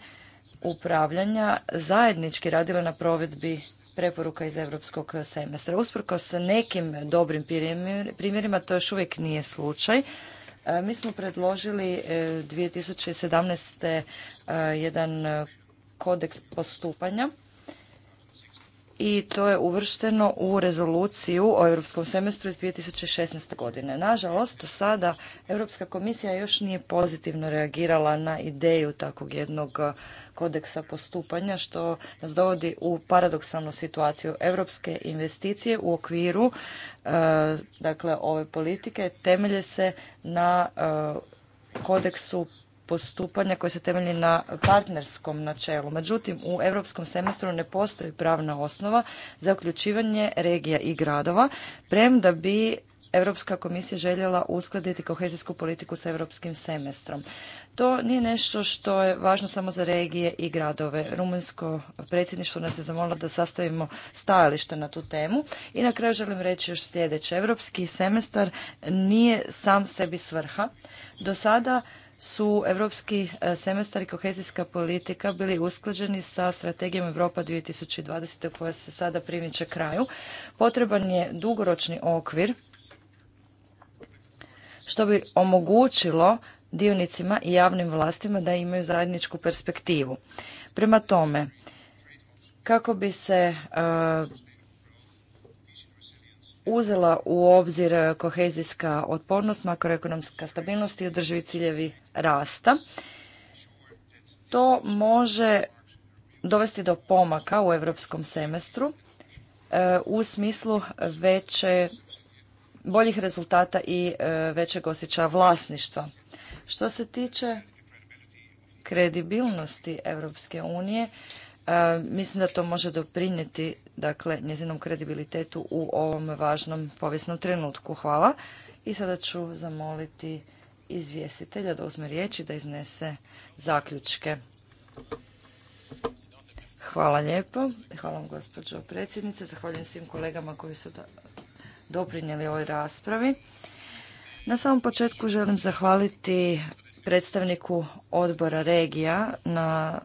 upravljanja zajednički radile na provedbi preporuka iz europskog semestra. Usprkos nekim dobrim primjerima to još uvijek nije slučaj. E, mi smo predložili 2017. E, e, jedan kodeks postupanja i to je uvršteno u rezoluciju o europskom semestru iz 2016. godine. Nažalost, do sada Europska komisija još nije pozitivno reagirala na ideju takvog jednog uh, kodeksa postupanja, što nas dovodi u paradoksalnu situaciju. Europske investicije u okviru uh, dakle, ove politike temelje se na uh, kodeksu postupanja koje se temelji na partnerskom načelu. Međutim, u europskom semestru ne postoji pravna osnova za uključivanje regija i gradova, premda bi Europska komisija željela uskladiti kohezijsku politiku sa europskim semestrom. To nije nešto što je važno samo za regije i gradove. Rumunjsko predsjedništvo nas je zamolilo da sastavimo stajalište na tu temu. I na kraju želim reći još sljedeće. Europski semestar nije sam sebi svrha. Do sada su europski e, semestar i kohezijska politika bili usklađeni sa strategijom Europa 2020. koja se sada primiče kraju. Potreban je dugoročni okvir što bi omogućilo dionicima i javnim vlastima da imaju zajedničku perspektivu. Prema tome, kako bi se e, uzela u obzir eh, kohezijska otpornost, makroekonomska stabilnost i održivi ciljevi rasta. To može dovesti do pomaka u europskom semestru eh, u smislu veće boljih rezultata i eh, većeg osjećaja vlasništva. Što se tiče kredibilnosti Europske unije, E, mislim da to može doprinijeti dakle, njezinom kredibilitetu u ovom važnom povijesnom trenutku. Hvala. I sada ću zamoliti izvjestitelja da uzme riječ i da iznese zaključke. Hvala lijepo. Hvala vam gospođo predsjednice. Zahvaljujem svim kolegama koji su doprinijeli ovoj raspravi. Na samom početku želim zahvaliti predstavniku odbora regija na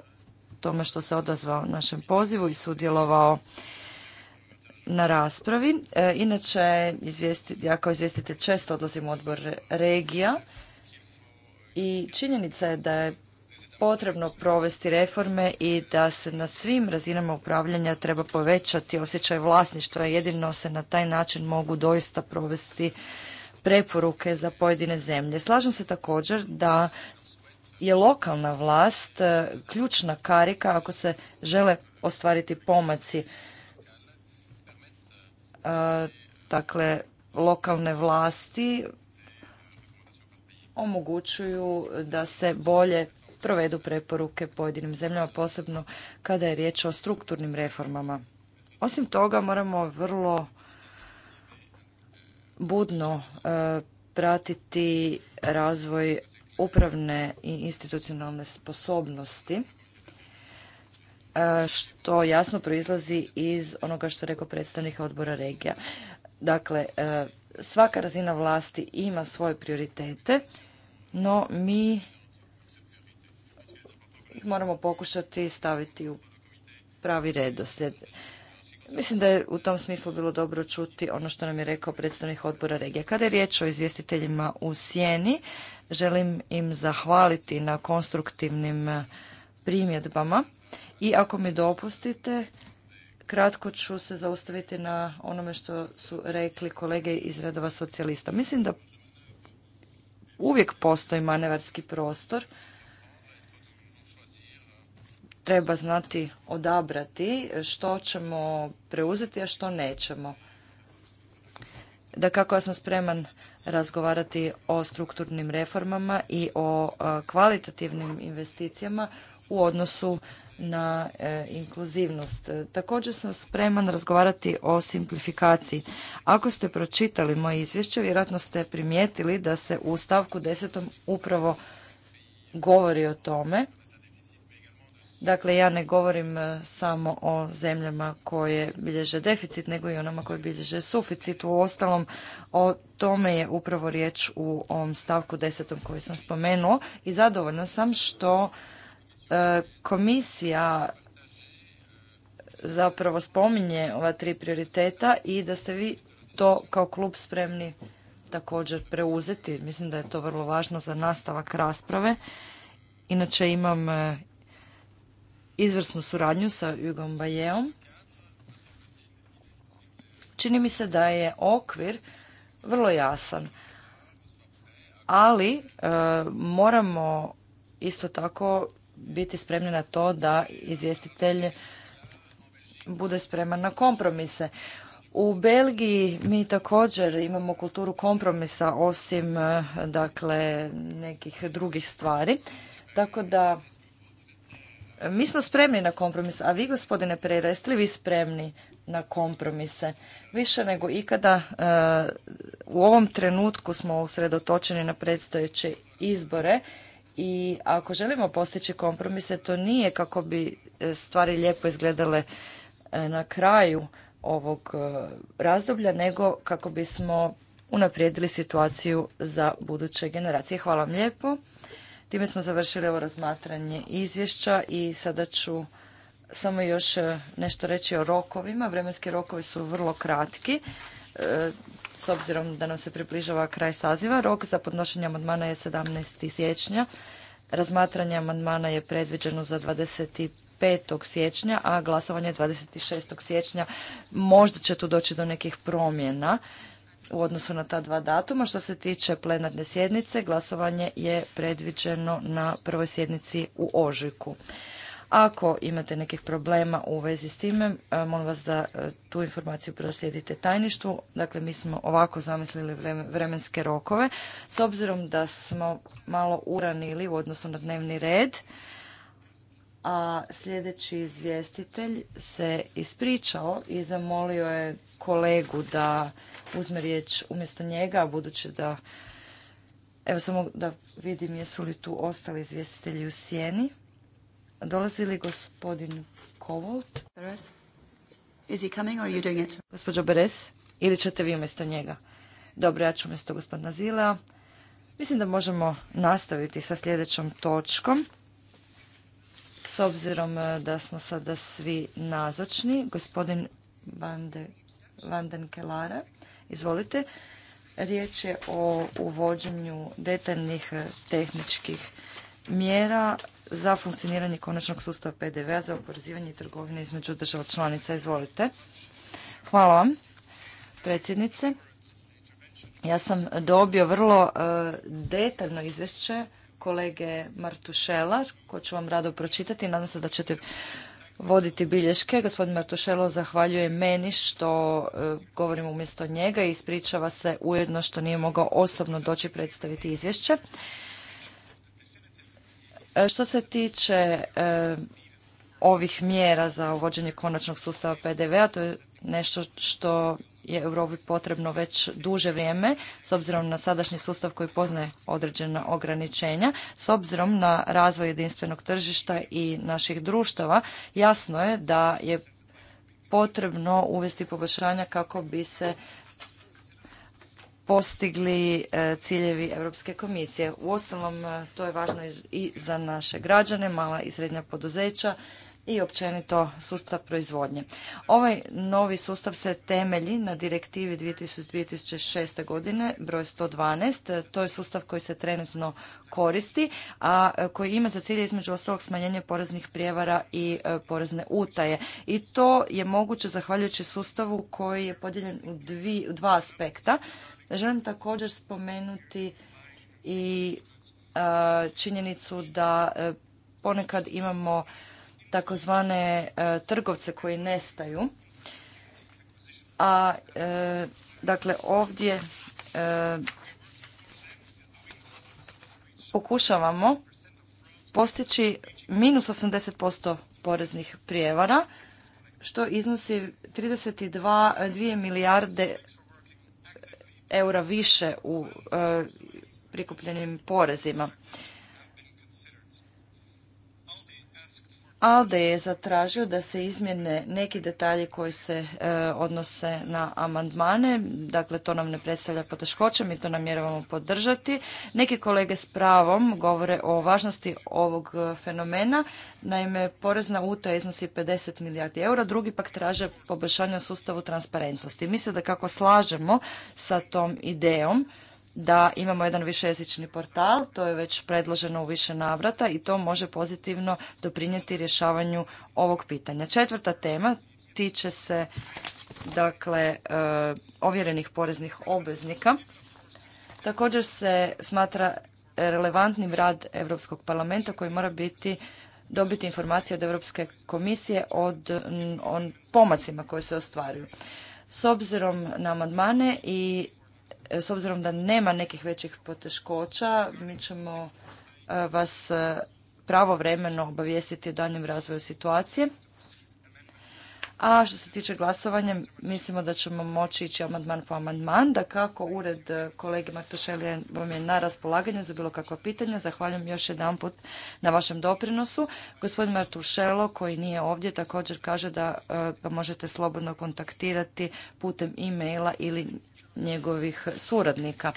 tome što se odazvao našem pozivu i sudjelovao na raspravi. E, inače, ja kao izvjestitelj često odlazim u odbor regija i činjenica je da je potrebno provesti reforme i da se na svim razinama upravljanja treba povećati osjećaj vlasništva. Jedino se na taj način mogu doista provesti preporuke za pojedine zemlje. Slažem se također da je lokalna vlast e, ključna karika ako se žele ostvariti pomaci. E, dakle, lokalne vlasti omogućuju da se bolje provedu preporuke pojedinim zemljama, posebno kada je riječ o strukturnim reformama. Osim toga, moramo vrlo budno e, pratiti razvoj upravne i institucionalne sposobnosti e, što jasno proizlazi iz onoga što je rekao predstavnik odbora regija. Dakle, e, svaka razina vlasti ima svoje prioritete, no mi moramo pokušati staviti u pravi redoslijed. Mislim da je u tom smislu bilo dobro čuti ono što nam je rekao predstavnik odbora regije. Kada je riječ o izvjestiteljima u Sjeni, želim im zahvaliti na konstruktivnim eh, primjedbama i ako mi dopustite, kratko ću se zaustaviti na onome što su rekli kolege iz redova socijalista. Mislim da uvijek postoji manevarski prostor treba znati odabrati što ćemo preuzeti, a što nećemo. Da kako ja sam spreman razgovarati o strukturnim reformama i o e, kvalitativnim investicijama u odnosu na e, inkluzivnost. Također sam spreman razgovarati o simplifikaciji. Ako ste pročitali moje izvješće, vjerojatno ste primijetili da se u stavku 10. upravo govori o tome Dakle, ja ne govorim e, samo o zemljama koje bilježe deficit, nego i onama koje bilježe suficit. U ostalom, o tome je upravo riječ u ovom stavku desetom koji sam spomenuo i zadovoljna sam što e, komisija zapravo spominje ova tri prioriteta i da ste vi to kao klub spremni također preuzeti. Mislim da je to vrlo važno za nastavak rasprave. Inače imam e, izvrsnu suradnju sa Jugom Bajeom. Čini mi se da je okvir vrlo jasan, ali e, moramo isto tako biti spremni na to da izvjestitelj bude spreman na kompromise. U Belgiji mi također imamo kulturu kompromisa osim e, dakle nekih drugih stvari. Tako da mi smo spremni na kompromis, a vi gospodine Pereira, jeste li vi spremni na kompromise? Više nego ikada e, u ovom trenutku smo usredotočeni na predstojeće izbore i ako želimo postići kompromise, to nije kako bi e, stvari lijepo izgledale e, na kraju ovog razdoblja, nego kako bismo unaprijedili situaciju za buduće generacije. Hvala vam lijepo. Time smo završili ovo razmatranje izvješća i sada ću samo još e, nešto reći o rokovima. Vremenski rokovi su vrlo kratki. E, s obzirom da nam se približava kraj saziva, rok za podnošenje amandmana je 17. siječnja. Razmatranje amandmana je predviđeno za 25. siječnja, a glasovanje 26. siječnja. Možda će tu doći do nekih promjena u odnosu na ta dva datuma. Što se tiče plenarne sjednice, glasovanje je predviđeno na prvoj sjednici u Ožujku. Ako imate nekih problema u vezi s time, e, molim vas da e, tu informaciju proslijedite tajništvu. Dakle, mi smo ovako zamislili vremenske rokove. S obzirom da smo malo uranili u odnosu na dnevni red, a sljedeći izvjestitelj se ispričao i zamolio je kolegu da uzme riječ umjesto njega, budući da Evo samo da vidim jesu li tu ostali izvjestitelji u sjeni. Dolazi li gospodin Kovolt? Beres? Gospođo Beres, ili ćete vi umjesto njega? Dobro, ja ću umjesto gospodina Zilea. Mislim da možemo nastaviti sa sljedećom točkom. S obzirom e, da smo sada svi nazočni, gospodin Vanden Van Kelara Izvolite. Riječ je o uvođenju detaljnih eh, tehničkih mjera za funkcioniranje konačnog sustava PDV-a za oporezivanje trgovine između država članica. Izvolite. Hvala vam, predsjednice. Ja sam dobio vrlo eh, detaljno izvješće kolege Martušela, koje ću vam rado pročitati. Nadam se da ćete voditi bilješke. Gospodin Martušelo zahvaljuje meni što e, govorim umjesto njega i ispričava se ujedno što nije mogao osobno doći predstaviti izvješće. E, što se tiče e, ovih mjera za uvođenje konačnog sustava PDV-a, to je nešto što je Europi potrebno već duže vrijeme, s obzirom na sadašnji sustav koji poznaje određena ograničenja, s obzirom na razvoj jedinstvenog tržišta i naših društava, jasno je da je potrebno uvesti poboljšanja kako bi se postigli e, ciljevi Europske komisije. Uostalom, e, to je važno i za naše građane, mala i srednja poduzeća, i općenito sustav proizvodnje. Ovaj novi sustav se temelji na direktivi 2006. godine broj 112. To je sustav koji se trenutno koristi, a koji ima za cilje između ostalog smanjenje poreznih prijevara i e, porezne utaje. I to je moguće zahvaljujući sustavu koji je podijeljen u, u dva aspekta. Želim također spomenuti i e, činjenicu da e, ponekad imamo takozvane e, trgovce koji nestaju. A e, dakle ovdje e, pokušavamo postići minus 80% poreznih prijevara što iznosi 32 milijarde eura više u prikupljenim porezima. Alde je zatražio da se izmjene neki detalji koji se e, odnose na amandmane, dakle to nam ne predstavlja poteškoće, mi to namjeravamo podržati. Neki kolege s pravom govore o važnosti ovog e, fenomena, naime porezna uta iznosi 50 milijardi eura, drugi pak traže poboljšanje u sustavu transparentnosti. Mislim da kako slažemo sa tom idejom, da imamo jedan višejezični portal, to je već predloženo u više navrata i to može pozitivno doprinijeti rješavanju ovog pitanja. Četvrta tema tiče se dakle e, ovjerenih poreznih obveznika. Također se smatra relevantnim rad Europskog parlamenta koji mora biti dobiti informacije od Europske komisije o pomacima koje se ostvaruju. S obzirom na amandmane i E, s obzirom da nema nekih većih poteškoća, mi ćemo e, vas e, pravovremeno obavijestiti o danjem razvoju situacije. A što se tiče glasovanja, mislimo da ćemo moći ići amandman po amandman, da kako ured kolege Martošelje vam je na raspolaganju za bilo kakva pitanja. Zahvaljujem još jedan put na vašem doprinosu. Gospodin Martušelo, koji nije ovdje, također kaže da ga možete slobodno kontaktirati putem e-maila ili njegovih suradnika.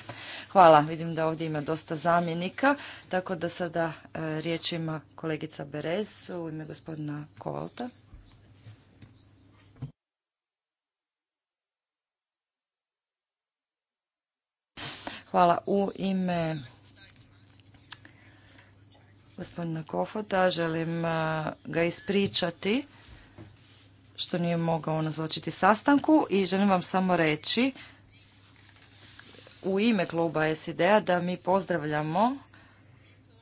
Hvala, vidim da ovdje ima dosta zamjenika, tako da sada e, riječ ima kolegica Berez u ime gospodina Kovalta. Hvala. U ime gospodina Kofota želim e, ga ispričati što nije mogao nazočiti sastanku i želim vam samo reći u ime kluba SID-a da mi pozdravljamo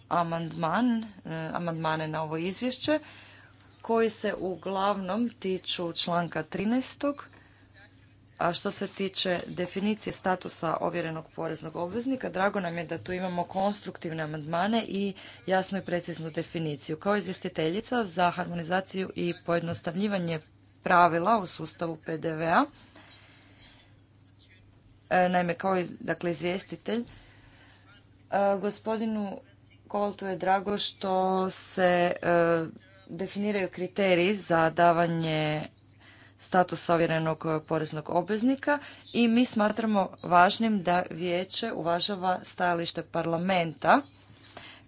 amandman, e, amandmane na ovo izvješće koji se uglavnom tiču članka 13. A što se tiče definicije statusa ovjerenog poreznog obveznika, drago nam je da tu imamo konstruktivne amandmane i jasnu i preciznu definiciju. Kao izvjestiteljica za harmonizaciju i pojednostavljivanje pravila u sustavu PDV-a, E, naime kao dakle, izvjestitelj. E, gospodinu Koltu je drago što se e, definiraju kriteriji za davanje statusa ovjerenog poreznog obveznika i mi smatramo važnim da vijeće uvažava stajalište parlamenta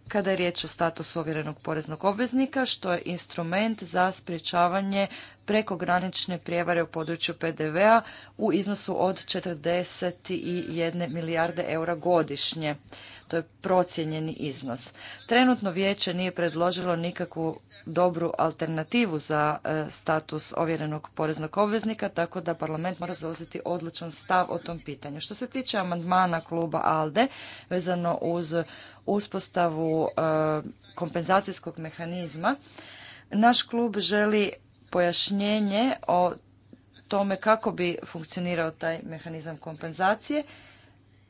kada je riječ o statusu ovjerenog poreznog obveznika, što je instrument za sprječavanje prekogranične prijevare u području PDV-a u iznosu od 41 milijarde eura godišnje. To je procijenjeni iznos. Trenutno vijeće nije predložilo nikakvu dobru alternativu za e, status ovjerenog poreznog obveznika, tako da parlament mora zauzeti odlučan stav o tom pitanju. Što se tiče amandmana kluba ALDE, vezano uz uspostavu e, kompenzacijskog mehanizma, naš klub želi pojašnjenje o tome kako bi funkcionirao taj mehanizam kompenzacije.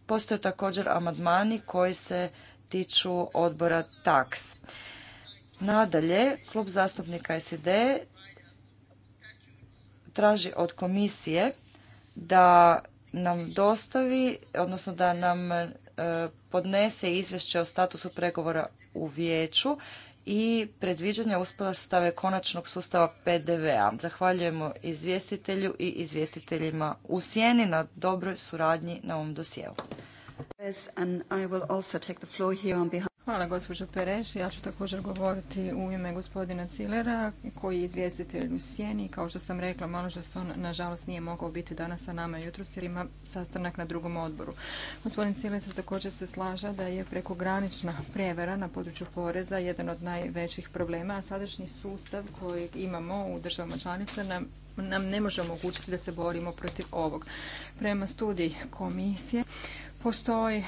Postoje također amandmani koji se tiču odbora Taks. Nadalje, klub zastupnika SD traži od komisije da nam dostavi, odnosno da nam e, podnese izvješće o statusu pregovora u vijeću i predviđanja uspostave konačnog sustava pdv Zahvaljujemo izvjestitelju i izvjestiteljima u sjeni na dobroj suradnji na ovom dosjeu. Hvala gospođo Pereš. Ja ću također govoriti u ime gospodina Cilera koji je izvjestitelj u Sjeni. Kao što sam rekla, malo što se on nažalost nije mogao biti danas sa nama jutros jer ima sastanak na drugom odboru. Gospodin Ciler se također se slaža da je prekogranična prevera na području poreza jedan od najvećih problema, a sadašnji sustav koji imamo u državama članica nam nam ne može omogućiti da se borimo protiv ovog. Prema studiji komisije, Postoji,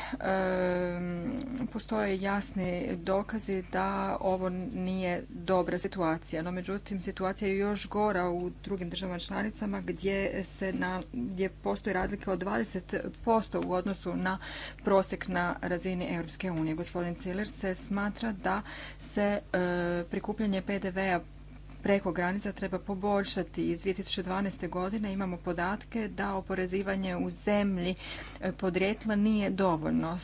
postoje jasni dokazi da ovo nije dobra situacija, no međutim situacija je još gora u drugim državama članicama gdje, se na, gdje postoji razlika od 20% u odnosu na prosjek na razini Europske unije. Gospodin ciller se smatra da se eh, prikupljanje PDV-a preko granica treba poboljšati. Iz 2012. godine imamo podatke da oporezivanje u zemlji e, podrijetla nije dovoljno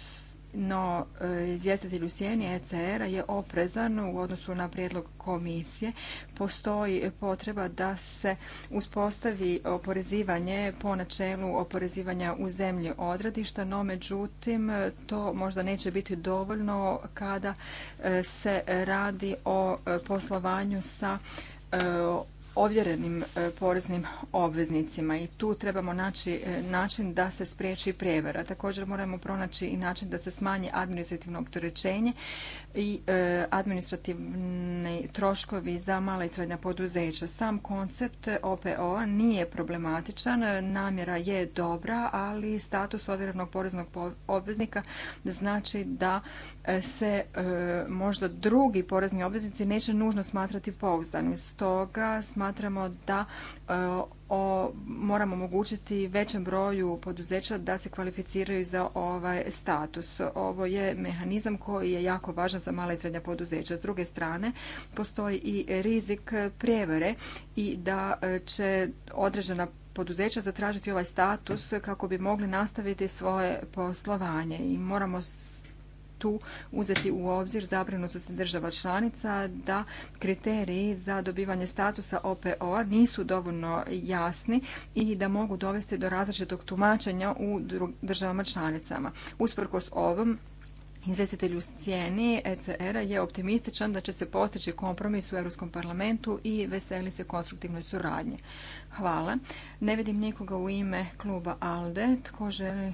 no e, izvjestitelj u sjeni ECR-a je oprezan u odnosu na prijedlog komisije. Postoji potreba da se uspostavi oporezivanje po načelu oporezivanja u zemlji odradišta, no međutim to možda neće biti dovoljno kada e, se radi o e, poslovanju sa ovjerenim e, poreznim obveznicima i tu trebamo naći e, način da se spriječi prijevara. Također moramo pronaći i način da se smanji administrativno opterećenje i e, administrativni troškovi za mala i srednja poduzeća. Sam koncept OPO nije problematičan, namjera je dobra, ali status ovjerenog poreznog obveznika znači da e, se e, možda drugi porezni obveznici neće nužno smatrati pouzdanim. Stoga smatramo da o, moramo omogućiti većem broju poduzeća da se kvalificiraju za ovaj status. Ovo je mehanizam koji je jako važan za mala i srednja poduzeća. S druge strane, postoji i rizik prijevere i da e, će određena poduzeća zatražiti ovaj status kako bi mogli nastaviti svoje poslovanje i moramo tu uzeti u obzir zabrinutost država članica da kriteriji za dobivanje statusa OPO-a nisu dovoljno jasni i da mogu dovesti do različitog tumačenja u državama članicama. Usprkos ovom, Izvjestitelj u cijeni ECR-a je optimističan da će se postići kompromis u Europskom parlamentu i veseli se konstruktivnoj suradnji. Hvala. Ne vidim nikoga u ime kluba ALDE. Tko želi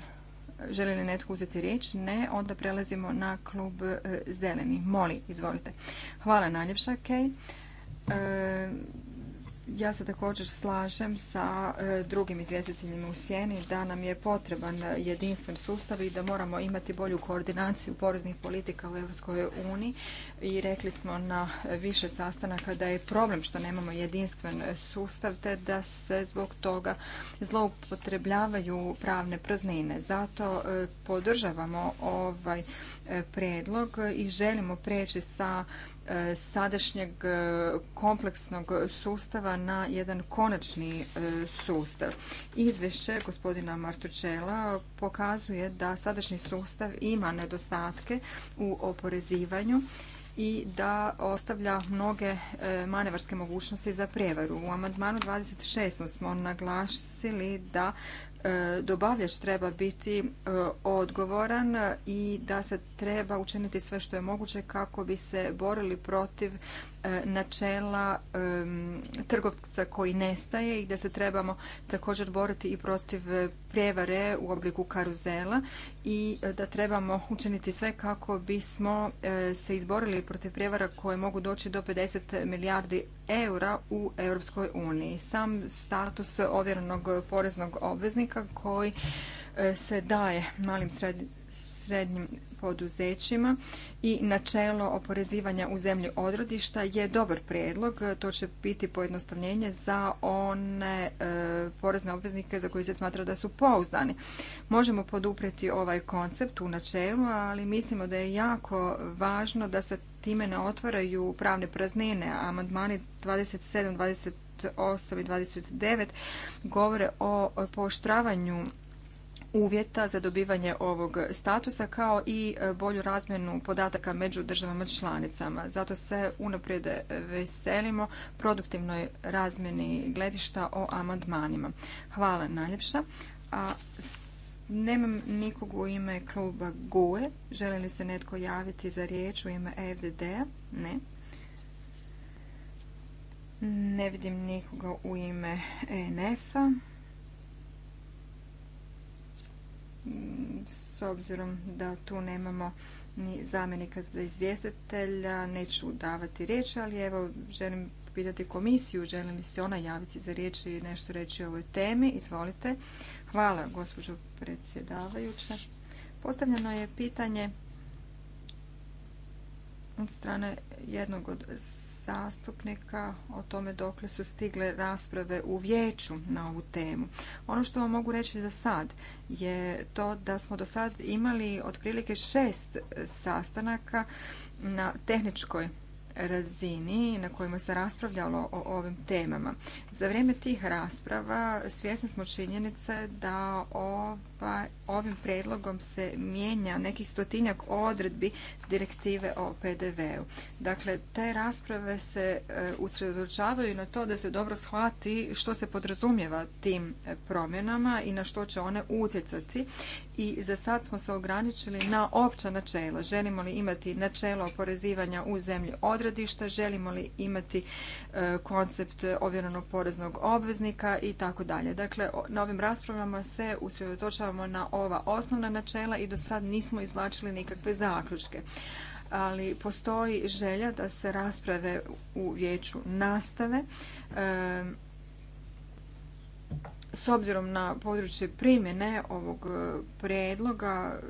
Želi li netko uzeti riječ? Ne. Onda prelazimo na klub e, Zeleni. Moli, izvolite. Hvala najljepša, Kej. E, ja se također slažem sa e, drugim izvjestiteljima u sjeni da nam je potreban jedinstven sustav i da moramo imati bolju koordinaciju poreznih politika u EU uniji i rekli smo na više sastanaka da je problem što nemamo jedinstven sustav te da se zbog toga zloupotrebljavaju pravne praznine. Zato e, podržavamo ovaj e, predlog i želimo preći sa E, sadašnjeg e, kompleksnog sustava na jedan konačni e, sustav. Izvješće gospodina Martučela pokazuje da sadašnji sustav ima nedostatke u oporezivanju i da ostavlja mnoge manevarske mogućnosti za prijevaru. U amandmanu 26. smo naglasili da E, dobavljač treba biti e, odgovoran i da se treba učiniti sve što je moguće kako bi se borili protiv E, načela e, trgovca koji nestaje i da se trebamo također boriti i protiv prijevare u obliku karuzela i e, da trebamo učiniti sve kako bismo se izborili protiv prijevara koje mogu doći do 50 milijardi eura u Europskoj uniji. Sam status ovjerenog poreznog obveznika koji se daje malim srednjim poduzećima i načelo oporezivanja u zemlji odrodišta je dobar prijedlog. To će biti pojednostavljenje za one e, porezne obveznike za koje se smatra da su pouzdani. Možemo poduprijeti ovaj koncept u načelu, ali mislimo da je jako važno da se time ne otvaraju pravne praznine. Amandmani 27, 28 i 29 govore o poštravanju uvjeta za dobivanje ovog statusa kao i e, bolju razmjenu podataka među državama članicama. Zato se unaprijed veselimo produktivnoj razmjeni gledišta o amandmanima. Hvala najljepša. A, nemam nikog u ime kluba GUE. Želi li se netko javiti za riječ u ime EFDD-a? Ne. Ne vidim nikoga u ime ENF-a. S obzirom da tu nemamo ni zamjenika za izvjestitelja, neću davati riječ, ali evo želim pitati komisiju, želi li se ona javiti za riječ i nešto reći o ovoj temi. Izvolite. Hvala, gospođo predsjedavajuća. Postavljeno je pitanje od strane jednog od zastupnika o tome dokle su stigle rasprave u vijeću na ovu temu. Ono što vam mogu reći za sad je to da smo do sad imali otprilike šest sastanaka na tehničkoj razini na kojima se raspravljalo o ovim temama. Za vrijeme tih rasprava svjesni smo činjenice da o pa ovim predlogom se mijenja nekih stotinjak odredbi direktive o PDV-u. Dakle, te rasprave se e, usredočavaju na to da se dobro shvati što se podrazumijeva tim e, promjenama i na što će one utjecati i za sad smo se ograničili na opća načela. Želimo li imati načelo oporezivanja u zemlji odredišta, želimo li imati E, koncept ovjerenog poreznog obveznika i tako dalje. Dakle, na ovim raspravama se usredotočavamo na ova osnovna načela i do sad nismo izvlačili nikakve zaključke. Ali postoji želja da se rasprave u vijeću nastave. E, s obzirom na područje primjene ovog e, predloga,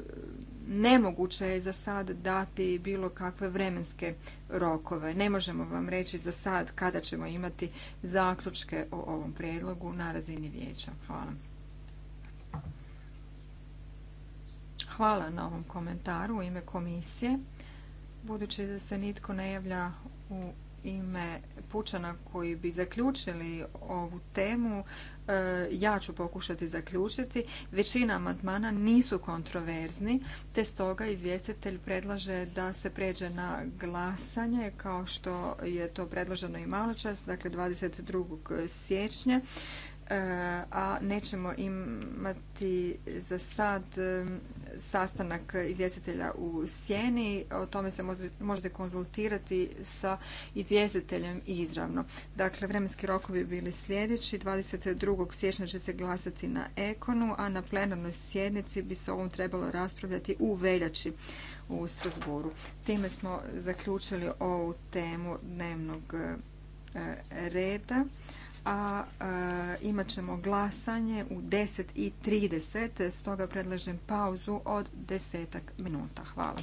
nemoguće je za sad dati bilo kakve vremenske rokove. Ne možemo vam reći za sad kada ćemo imati zaključke o ovom prijedlogu na razini vijeća. Hvala. Hvala na ovom komentaru u ime komisije. Budući da se nitko ne javlja u ime pučana koji bi zaključili ovu temu, E, ja ću pokušati zaključiti, većina amandmana nisu kontroverzni, te stoga izvjestitelj predlaže da se pređe na glasanje kao što je to predloženo i maločas, dakle 22. siječnja E, a nećemo imati za sad e, sastanak izvjestitelja u sjeni. O tome se možete konzultirati sa izvjestiteljem izravno. Dakle, vremenski rokovi bili sljedeći. 22. siječnja će se glasati na Ekonu, a na plenarnoj sjednici bi se ovom trebalo raspravljati u veljači u Strasboru. Time smo zaključili ovu temu dnevnog e, reda a e, imat ćemo glasanje u 10.30, stoga predlažem pauzu od desetak minuta. Hvala.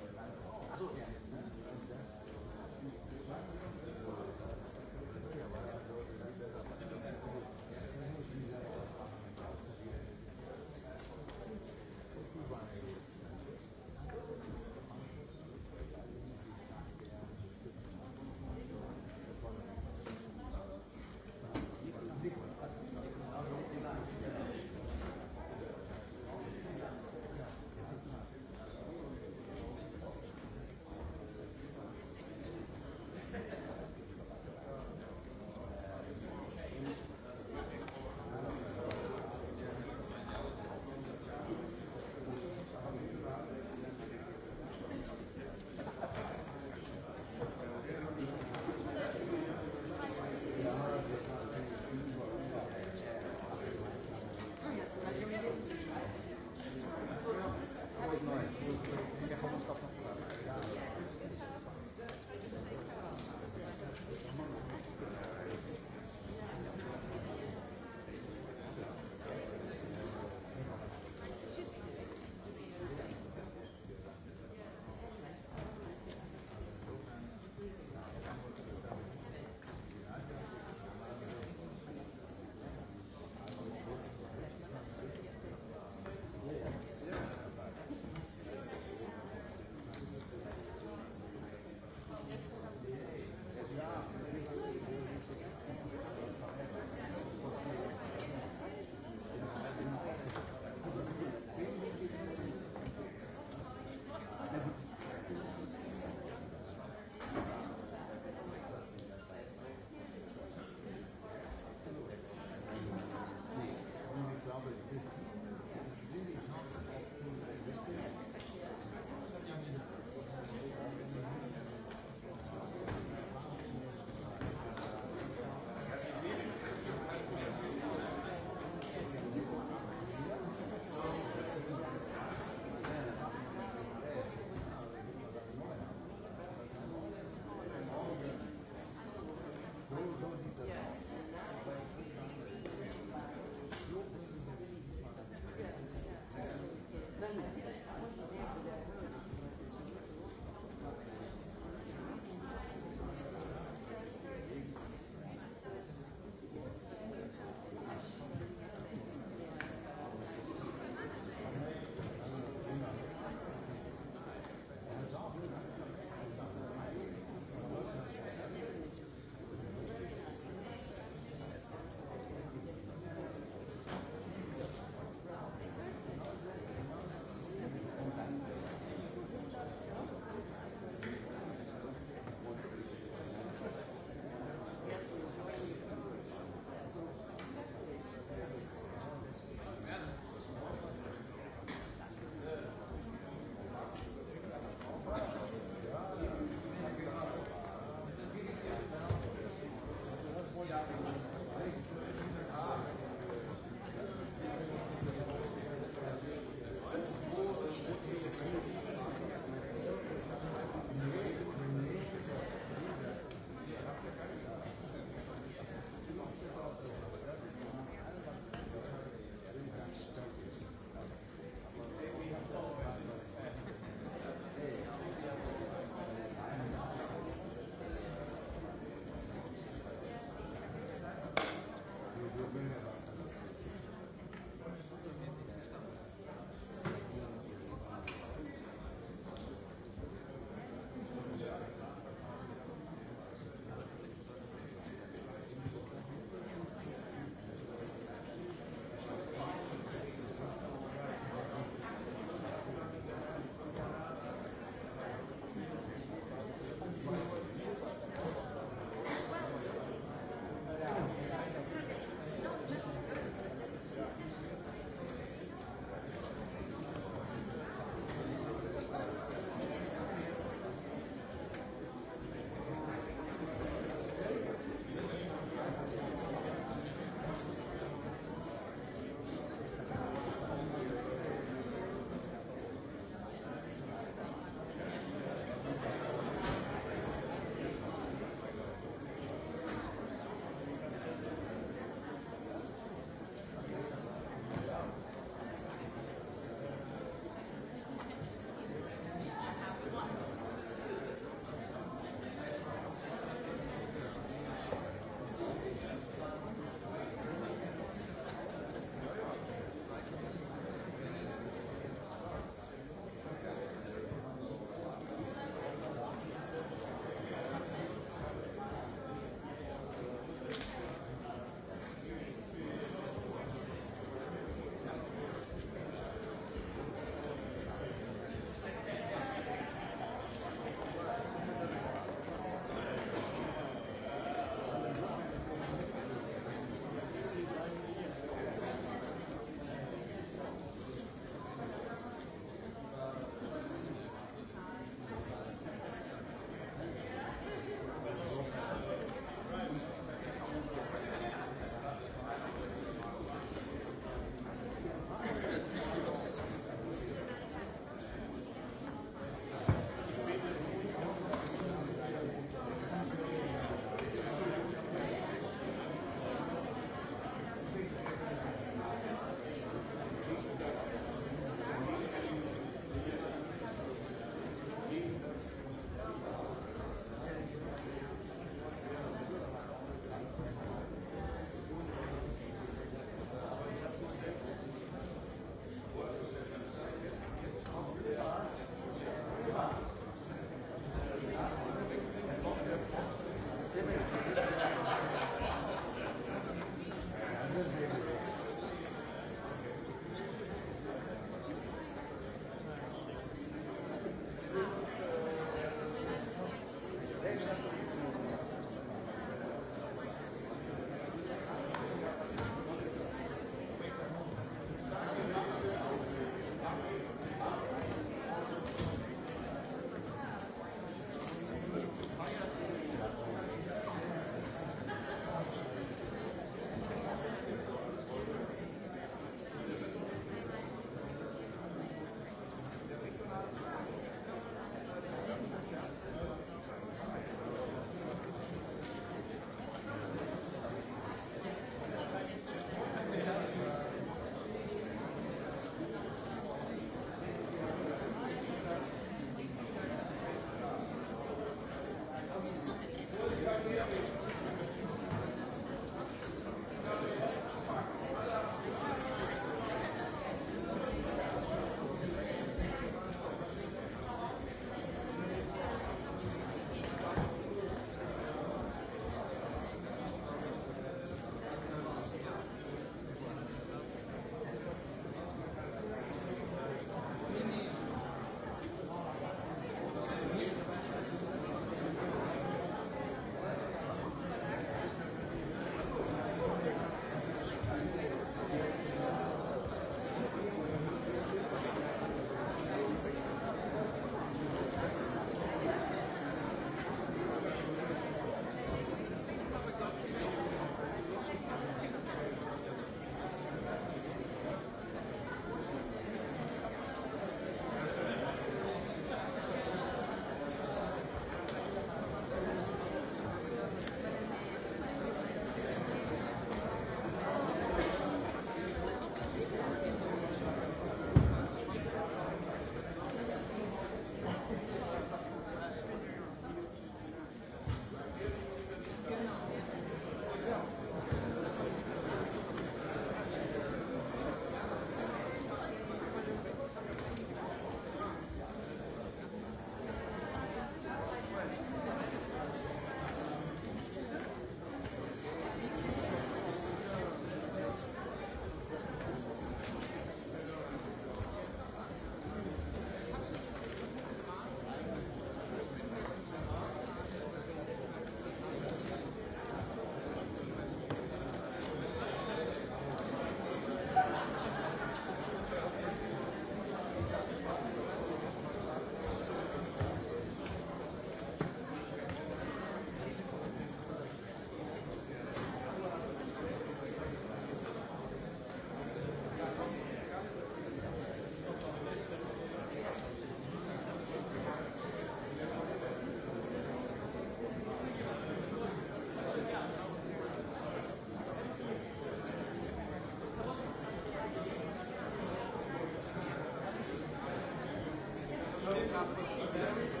na posljednje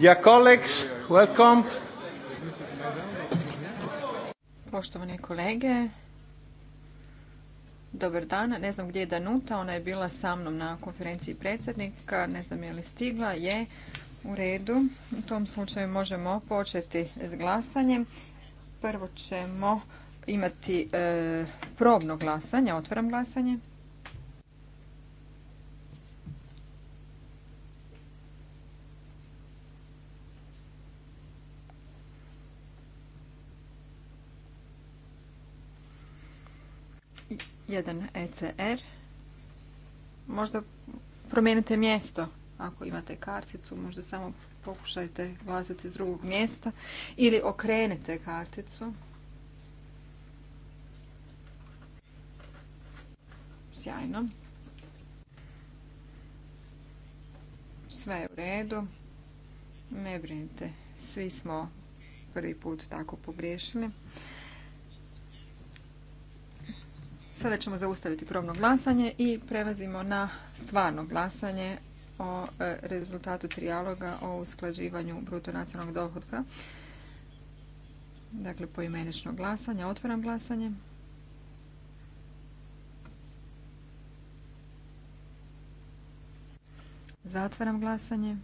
Dear Poštovani kolege, dobar dan. Ne znam gdje je Danuta, ona je bila sa mnom na konferenciji predsjednika, ne znam je li stigla, je u redu. U tom slučaju možemo početi s glasanjem. Prvo ćemo imati e, probno glasanje, otvaram glasanje. 1 ECR. Možda promijenite mjesto ako imate karticu, možda samo pokušajte glasati iz drugog mjesta ili okrenite karticu. Sjajno. Sve je u redu. Ne brinite, svi smo prvi put tako pogriješili. Sada ćemo zaustaviti probno glasanje i prelazimo na stvarno glasanje o e, rezultatu trijaloga o usklađivanju bruto nacionalnog dohodka. Dakle, poimenično glasanje. Otvaram glasanje. Zatvaram glasanje.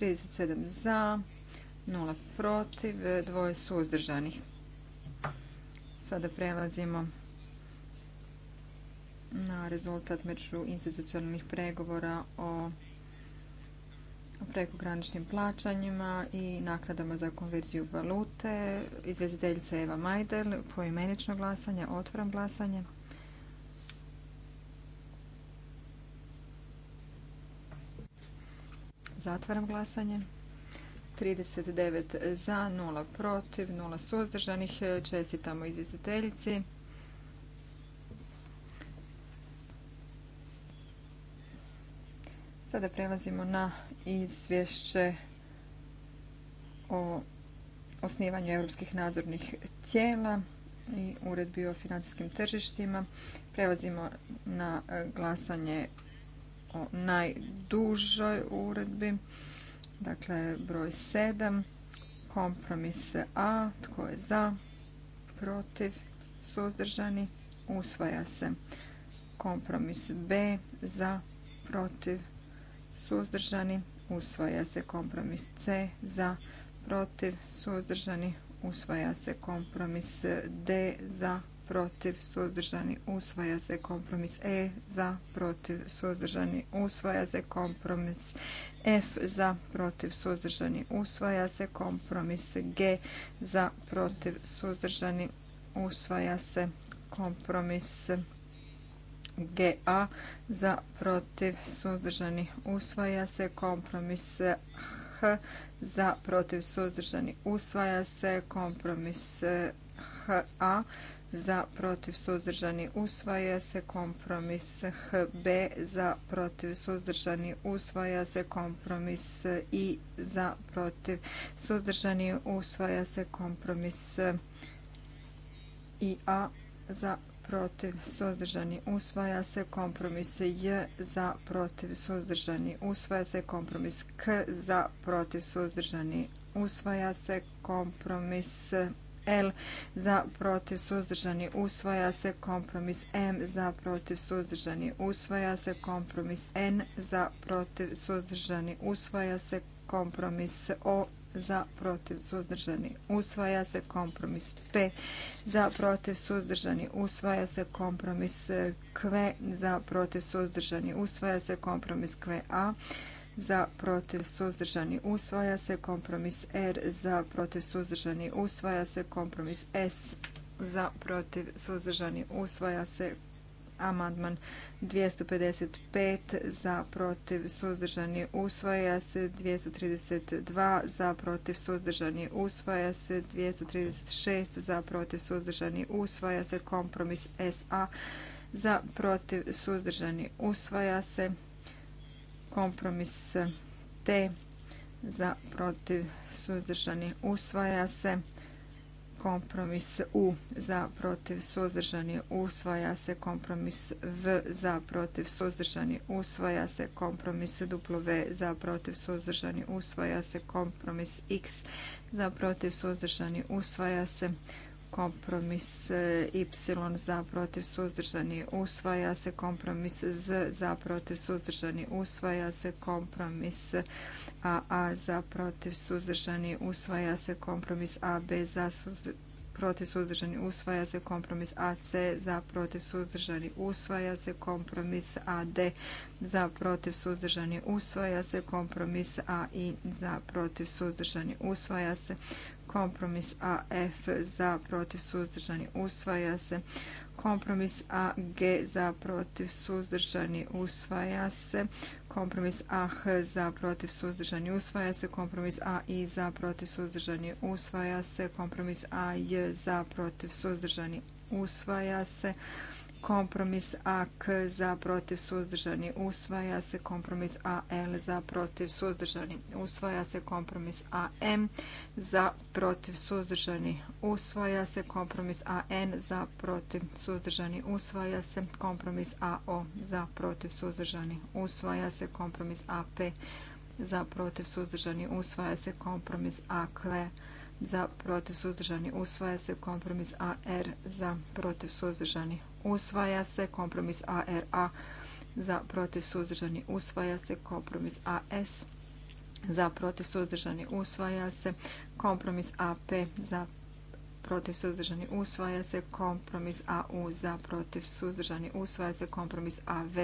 37 za, 0 protiv, dvoje suzdržanih. Sada prelazimo na rezultat institucionalnih pregovora o prekograničnim plaćanjima i naknadama za konverziju valute. Izvjestiteljica Eva Majdel, poimenično glasanje, otvoram glasanje. Zatvaram glasanje. 39 za, 0 protiv, 0 suzdržanih. Čestitamo izvjestiteljici. Sada prelazimo na izvješće o osnivanju europskih nadzornih tijela i uredbi o financijskim tržištima. Prelazimo na e, glasanje o najdužoj uredbi, dakle broj 7, kompromis A, tko je za, protiv, suzdržani, usvaja se. Kompromis B, za, protiv, suzdržani, usvaja se kompromis C za, protiv, suzdržani, usvaja se kompromis D za, protiv, suzdržani, usvaja se kompromis E za, protiv, suzdržani, usvaja se kompromis F za, protiv, suzdržani, usvaja se kompromis G za, protiv, suzdržani, usvaja se kompromis GA za protiv suzdržani usvaja se kompromis H za protiv suzdržani usvaja se kompromis HA za protiv suzdržani usvaja se kompromis HB za protiv suzdržani usvaja se kompromis I za protiv suzdržani usvaja se kompromis IA za protiv suzdržani usvaja se kompromis J za protiv suzdržani usvaja se kompromis K za protiv suzdržani usvaja se kompromis L za protiv suzdržani usvaja se kompromis M za protiv suzdržani usvaja se kompromis N za protiv suzdržani usvaja se kompromis O za protiv suzdržani usvaja se kompromis P za protiv suzdržani usvaja se kompromis Q za protiv suzdržani usvaja se kompromis QA za protiv suzdržani usvaja se kompromis R za protiv suzdržani usvaja se kompromis S za protiv suzdržani usvaja se amandman 255 za protiv suzdržani usvaja se 232 za protiv suzdržani usvaja se 236 za protiv suzdržani usvaja se kompromis SA za protiv suzdržani usvaja se kompromis T za protiv suzdržani usvaja se kompromis U za protiv suzdržani usvaja se kompromis V za protiv suzdržani usvaja se kompromis W za protiv suzdržani usvaja se kompromis X za protiv suzdržani usvaja se kompromis eh, Y za protiv suzdržani usvaja se kompromis Z za protiv suzdržani usvaja se kompromis a za protiv suzdržani usvaja se kompromis A B za protiv suzdržani usvaja se kompromis AC za protiv suzdržani usvaja se kompromis AD za protiv suzdržani usvaja se kompromis AI za protiv suzdržani usvaja se kompromis AF za protiv suzdržani usvaja se kompromis AG za protiv suzdržani usvaja se kompromis AH za protiv suzdržani usvaja se, kompromis AI za protiv suzdržani usvaja se, kompromis AJ za protiv suzdržani usvaja se, kompromis AK za protiv suzdržani usvaja se, kompromis AL za protiv suzdržani usvaja se, kompromis AM za protiv suzdržani usvaja se, kompromis AN za protiv suzdržani usvaja se, kompromis AO za protiv suzdržani usvaja se, kompromis AP za protiv suzdržani usvaja se, kompromis ak za protiv suzdržani usvaja se kompromis AR za protiv suzdržani usvaja se kompromis ARA za protiv suzdržani usvaja se kompromis AS za protiv suzdržani usvaja se kompromis AP za protiv suzdržani usvaja se kompromis AU za protiv suzdržani usvaja se kompromis AV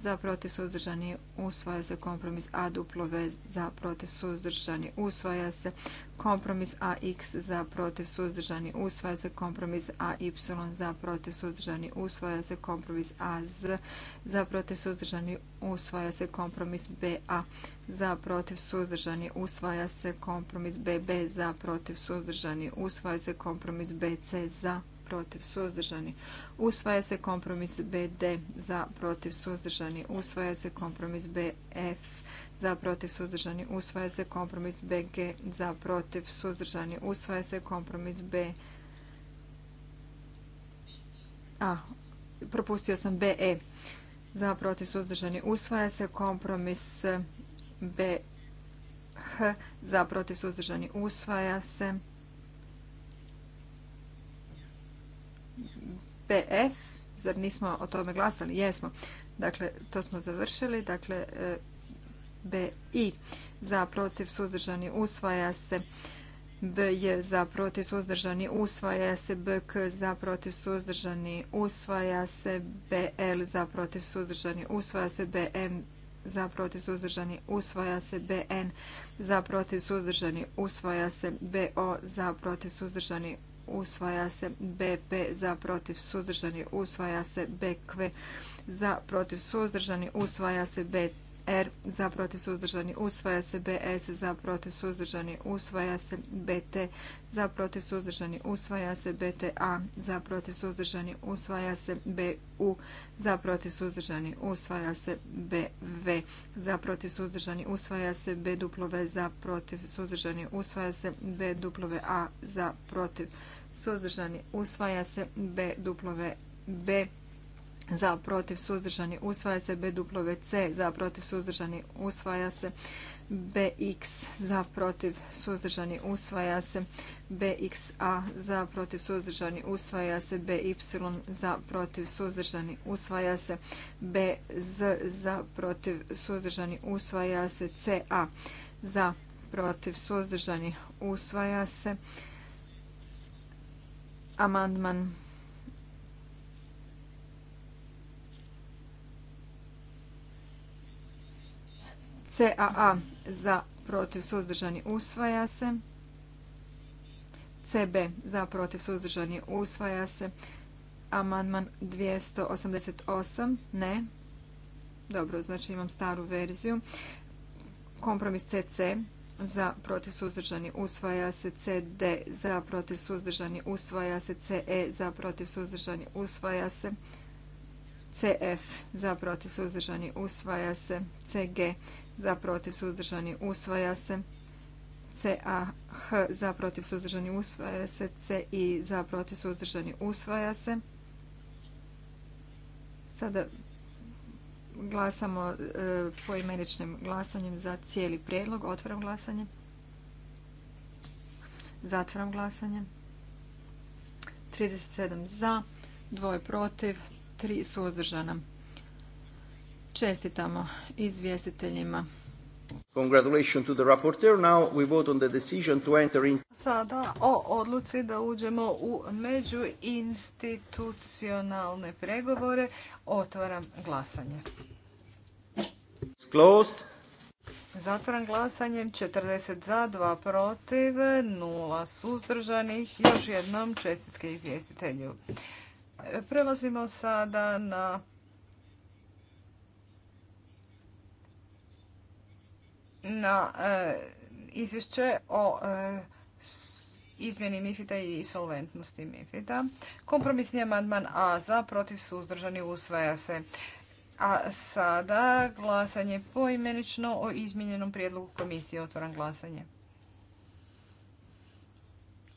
za protiv suzdržani usvaja se kompromis A duplo V za protiv suzdržani usvaja se kompromis AX za protiv suzdržani usvaja se kompromis AY za protiv suzdržani usvaja se kompromis AZ za protiv suzdržani usvaja se kompromis BA za protiv suzdržani usvaja se kompromis BB za protiv suzdržani usvaja se kompromis BC za protiv suzdržani usvaja se kompromis BD za protiv suzdržani usvaja se kompromis BF za protiv suzdržani usvaja se kompromis BG za protiv suzdržani usvaja se kompromis B a propustio sam BE za protiv suzdržani usvaja se kompromis H za protiv suzdržani usvaja se. BF, zar nismo o tome glasali? Jesmo. Dakle, to smo završili. Dakle, e, i za protiv suzdržani usvaja se. B je za protiv suzdržani usvaja se, BK za protiv suzdržani usvaja se, BL za protiv suzdržani usvaja se, BM za protiv suzdržani usvaja se BN za protiv suzdržani usvaja se BO za protiv suzdržani usvaja se BP za protiv suzdržani usvaja se BQ za protiv suzdržani usvaja se BT R za protiv suzdržani usvaja se, BS za protiv suzdržani usvaja se, BT za protiv suzdržani usvaja se, BTA za protiv suzdržani usvaja se, BU za protiv suzdržani usvaja se, BV za protiv suzdržani usvaja se, BW za protiv suzdržani usvaja se, BWA za protiv suzdržani usvaja se, duplove B za protiv suzdržani usvaja se BWC za protiv suzdržani usvaja se BX za protiv suzdržani usvaja se BXA za protiv suzdržani usvaja se BY za protiv suzdržani usvaja se BZ za protiv suzdržani usvaja se CA za protiv suzdržani usvaja se amandman CAA za protiv suzdržani usvaja se. CB za protiv suzdržani usvaja se. Amandman 288 ne. Dobro, znači imam staru verziju. Kompromis CC za protiv suzdržani usvaja se CD za protiv suzdržani usvaja se CE za protiv suzdržani usvaja se CF za protiv suzdržani usvaja se CG za protiv suzdržani usvaja se. CAH za protiv suzdržani usvaja se. I, za protiv suzdržani usvaja se. Sada glasamo e, poimeničnim glasanjem za cijeli prijedlog. Otvaram glasanje. Zatvaram glasanje. 37 za, 2 protiv, 3 suzdržana. Čestitamo izvjestiteljima. Congratulations to the rapporteur. Now we vote on the decision to enter in... Sada o odluci da uđemo u međuinstitucionalne pregovore. Otvaram glasanje. Closed. Zatvaram glasanjem 40 za, 2 protiv, 0 suzdržanih. Još jednom čestitke izvjestitelju. Prelazimo sada na na e, izvješće o e, izmjeni MIFID-a i solventnosti MIFID-a. Kompromisni amandman A za, protiv suzdržani usvaja se. A sada glasanje poimenično o izmjenjenom prijedlogu komisije. Otvoram glasanje.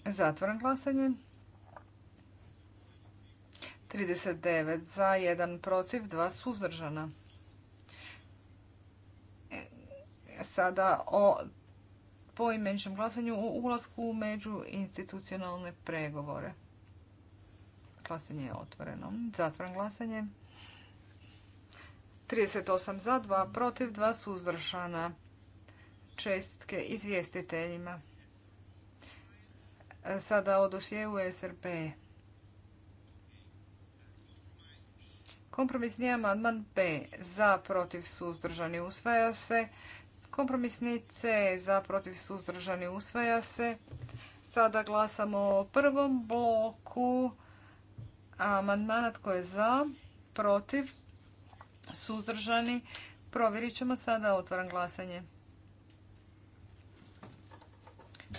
Zatvoram glasanje. 39 za, 1 protiv, 2 suzdržana. sada o poimeničnom glasanju u ulasku u međuinstitucionalne pregovore. Glasanje je otvoreno. Zatvoren glasanje. 38 za, 2 protiv, 2 suzdržana. Čestitke izvjestiteljima. Sada o dosjeu SRP. Kompromisni amandman P. Za, protiv, suzdržani. Usvaja se. Kompromisni C za protiv suzdržani usvaja se. Sada glasamo o prvom bloku amandmana tko je za, protiv, suzdržani. Provjerit ćemo sada. Otvaram glasanje.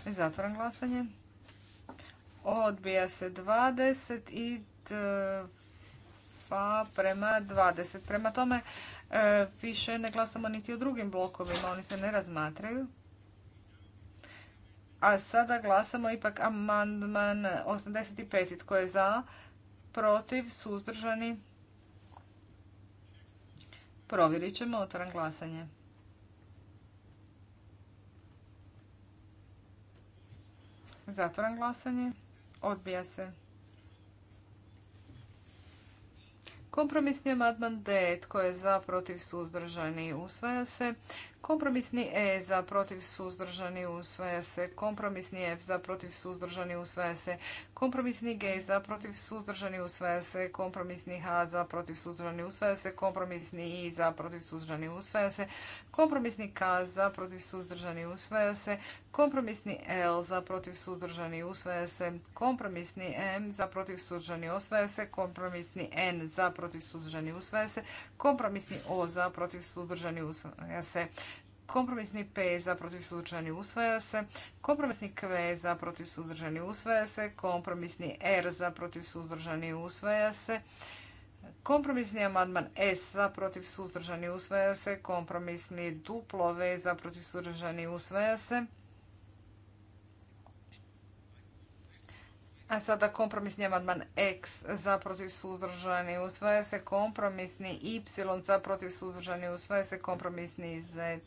Zatvaram glasanje. Odbija se 20 i pa prema 20. Prema tome, e, više ne glasamo niti o drugim blokovima, oni se ne razmatraju. A sada glasamo ipak amandman 85. Tko je za? Protiv? Suzdržani? Provjerit ćemo. Otvaram glasanje. Zatvaram glasanje. Odbija se. Kompromisni amandman D. Tko je za, protiv, suzdržani, usvaja se. Kompromisni E za protiv suzdržani usvaja se. Kompromisni F za protiv suzdržani usvaja se. Kompromisni G za protiv suzdržani usvaja se. Kompromisni H za protiv suzdržani usvaja se. Kompromisni I za protiv suzdržani usvaja se. Kompromisni K za protiv suzdržani usvaja se. Kompromisni L za protiv suzdržani usvaja se. Kompromisni M za protiv suzdržani usvaja se. Kompromisni N za protiv suzdržani usvaja se. Kompromisni O za protiv suzdržani usvaja se. Kompromisni P za protiv suzdržani usvaja se. Kompromisni k za protiv suzdržani usvaja se. Kompromisni R za protiv suzdržani usvaja se. Kompromisni amandman S za protiv suzdržani usvaja se. Kompromisni duplo V za protiv suzdržani usvaja se. A sada kompromisni amandman X za protiv suzdržani usvaja se kompromisni Y za protiv suzdržani usvaja se kompromisni Z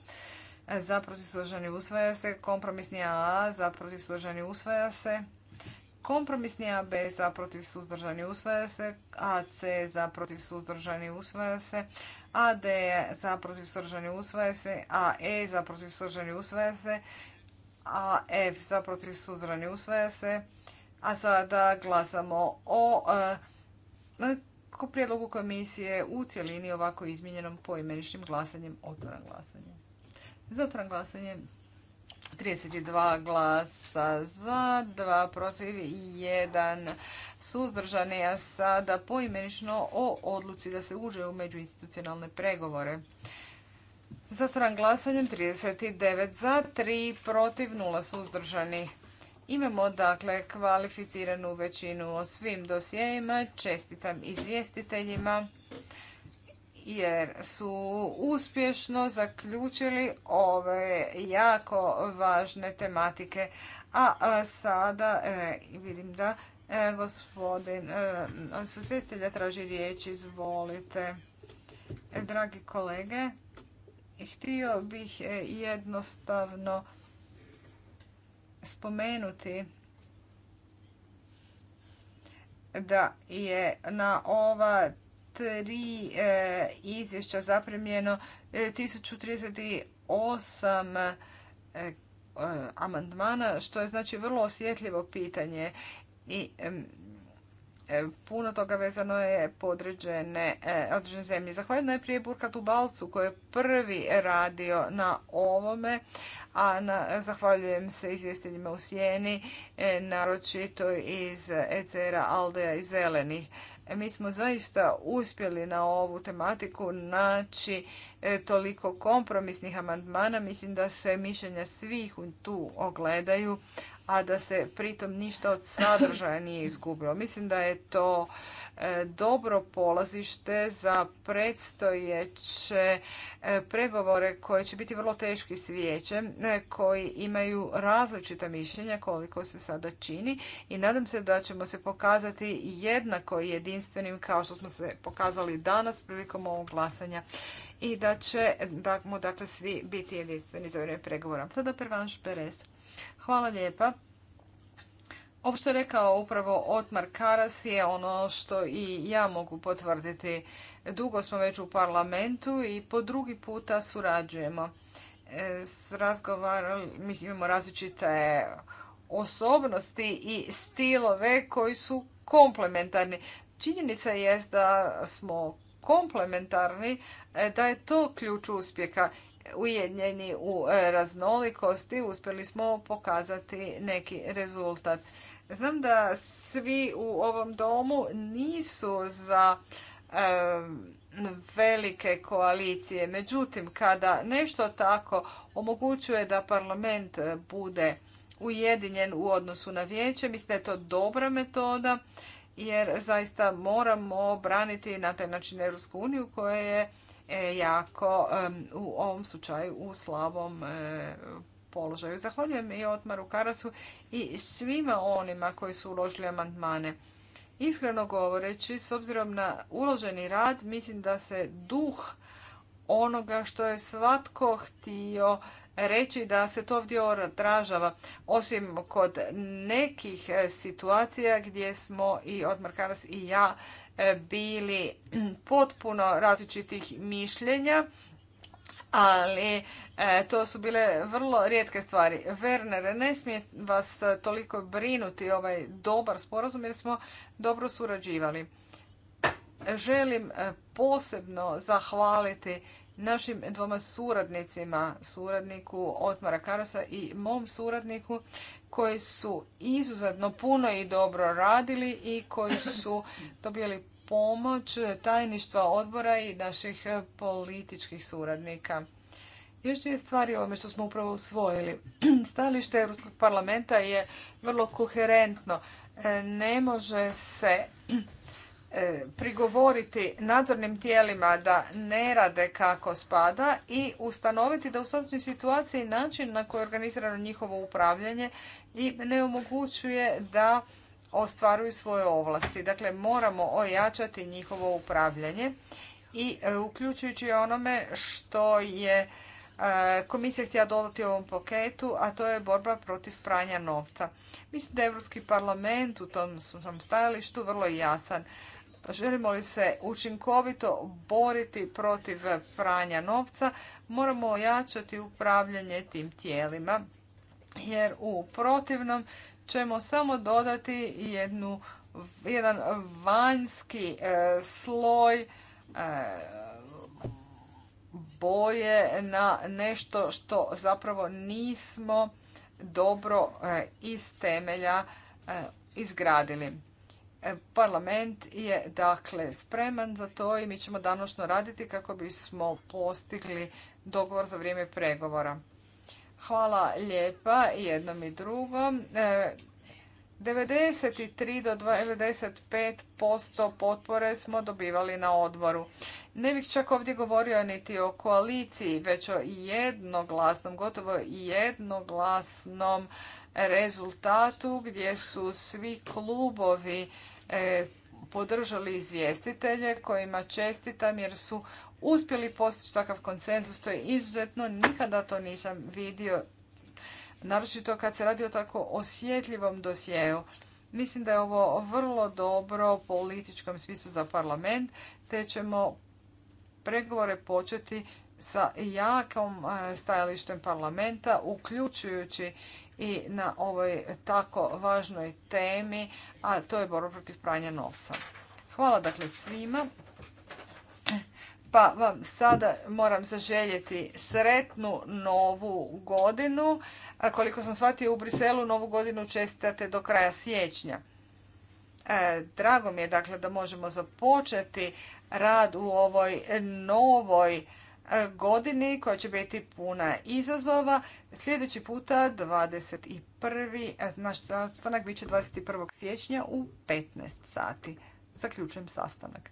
za protiv suzdržani usvaja se kompromisni A za protiv suzdržani usvaja se kompromisni AB za protiv suzdržani usvaja se AC za protiv suzdržani usvaja se AD za protiv suzdržani usvaja se AE za protiv suzdržani usvaja se AF za protiv suzdržani usvaja se a sada glasamo e, o prijedlogu komisije u cjelini ovako izmijenjenom poimeničnim glasanjem. Otvoran glasanje. Zatvoran glasanje. 32 glasa za, 2 protiv i 1 suzdržani, a sada poimenično o odluci da se uđe u međuinstitucionalne pregovore. Zatvoran glasanjem 39 za, 3 protiv, 0 suzdržanih. Imamo dakle kvalificiranu većinu o svim dosjejima. Čestitam izvjestiteljima jer su uspješno zaključili ove jako važne tematike. A sada e, vidim da e, gospodin e, traži riječ, izvolite. Dragi kolege, htio bih jednostavno spomenuti da je na ova tri e, izvješća zapremljeno 1038 e, e, amandmana, što je znači vrlo osjetljivo pitanje i E, puno toga vezano je podređene e, određene zemlje. Zahvaljujem prije u Balcu koji je prvi radio na ovome, a zahvaljujem se izvjestiteljima u Sjeni, e, naročito iz ECR-a, Aldeja i Zelenih. Mi smo zaista uspjeli na ovu tematiku naći toliko kompromisnih amandmana. Mislim da se mišljenja svih tu ogledaju, a da se pritom ništa od sadržaja nije izgubilo. Mislim da je to e, dobro polazište za predstojeće e, pregovore koje će biti vrlo teški s e, koji imaju različita mišljenja koliko se sada čini i nadam se da ćemo se pokazati jednako jedinstvenim kao što smo se pokazali danas prilikom ovog glasanja i da ćemo dakle svi biti jedinstveni za vrijeme pregovora. Sada prvanš Perez. Hvala lijepa. Ovo što je rekao upravo Otmar Karas je ono što i ja mogu potvrditi. Dugo smo već u parlamentu i po drugi puta surađujemo. E, mislim, imamo različite osobnosti i stilove koji su komplementarni. Činjenica jest da smo komplementarni, e, da je to ključ uspjeha ujednjeni u e, raznolikosti uspjeli smo pokazati neki rezultat. Znam da svi u ovom domu nisu za e, velike koalicije. Međutim, kada nešto tako omogućuje da parlament bude ujedinjen u odnosu na vijeće, mislim da je to dobra metoda jer zaista moramo braniti na taj način Europsku uniju koja je E, jako u ovom slučaju u slabom e, položaju. Zahvaljujem i Otmaru Karasu i svima onima koji su uložili amandmane. Iskreno govoreći, s obzirom na uloženi rad, mislim da se duh onoga što je svatko htio reći da se to ovdje odražava, osim kod nekih e, situacija gdje smo i od Karas i ja e, bili potpuno različitih mišljenja, ali e, to su bile vrlo rijetke stvari. Werner, ne smije vas toliko brinuti ovaj dobar sporazum jer smo dobro surađivali. Želim posebno zahvaliti našim dvoma suradnicima, suradniku Otmara Karasa i mom suradniku koji su izuzetno puno i dobro radili i koji su dobili pomoć tajništva odbora i naših političkih suradnika. Još dvije stvari o ovome što smo upravo usvojili. Stajalište Europskog parlamenta je vrlo koherentno. E, ne može se E, prigovoriti nadzornim tijelima da ne rade kako spada i ustanoviti da u sadašnjoj situaciji način na koji je organizirano njihovo upravljanje i ne omogućuje da ostvaruju svoje ovlasti. Dakle, moramo ojačati njihovo upravljanje i e, uključujući onome što je e, komisija htjela dodati ovom paketu, a to je borba protiv pranja novca. Mislim da je Europski parlament u tom svom stajalištu vrlo jasan. Želimo li se učinkovito boriti protiv pranja novca, moramo ojačati upravljanje tim tijelima jer u protivnom ćemo samo dodati jednu, jedan vanjski e, sloj e, boje na nešto što zapravo nismo dobro e, iz temelja e, izgradili. E, parlament je dakle spreman za to i mi ćemo danošno raditi kako bismo postigli dogovor za vrijeme pregovora. Hvala lijepa jednom i drugom. 93 e, do 95% potpore smo dobivali na odboru. Ne bih čak ovdje govorio niti o koaliciji, već o jednoglasnom, gotovo jednoglasnom rezultatu gdje su svi klubovi E, podržali izvjestitelje kojima čestitam jer su uspjeli postići takav konsenzus. To je izuzetno, nikada to nisam vidio, naročito kad se radi o tako osjetljivom dosjeu. Mislim da je ovo vrlo dobro u političkom smislu za parlament, te ćemo pregovore početi sa jakom e, stajalištem parlamenta, uključujući i na ovoj tako važnoj temi, a to je borba protiv pranja novca. Hvala dakle svima. Pa vam sada moram zaželjeti sretnu novu godinu. koliko sam shvatio u Briselu, novu godinu čestitate do kraja siječnja. E, drago mi je dakle da možemo započeti rad u ovoj novoj godini koja će biti puna izazova. Sljedeći puta 21. naš sastanak bit će 21. siječnja u 15 sati. Zaključujem sastanak.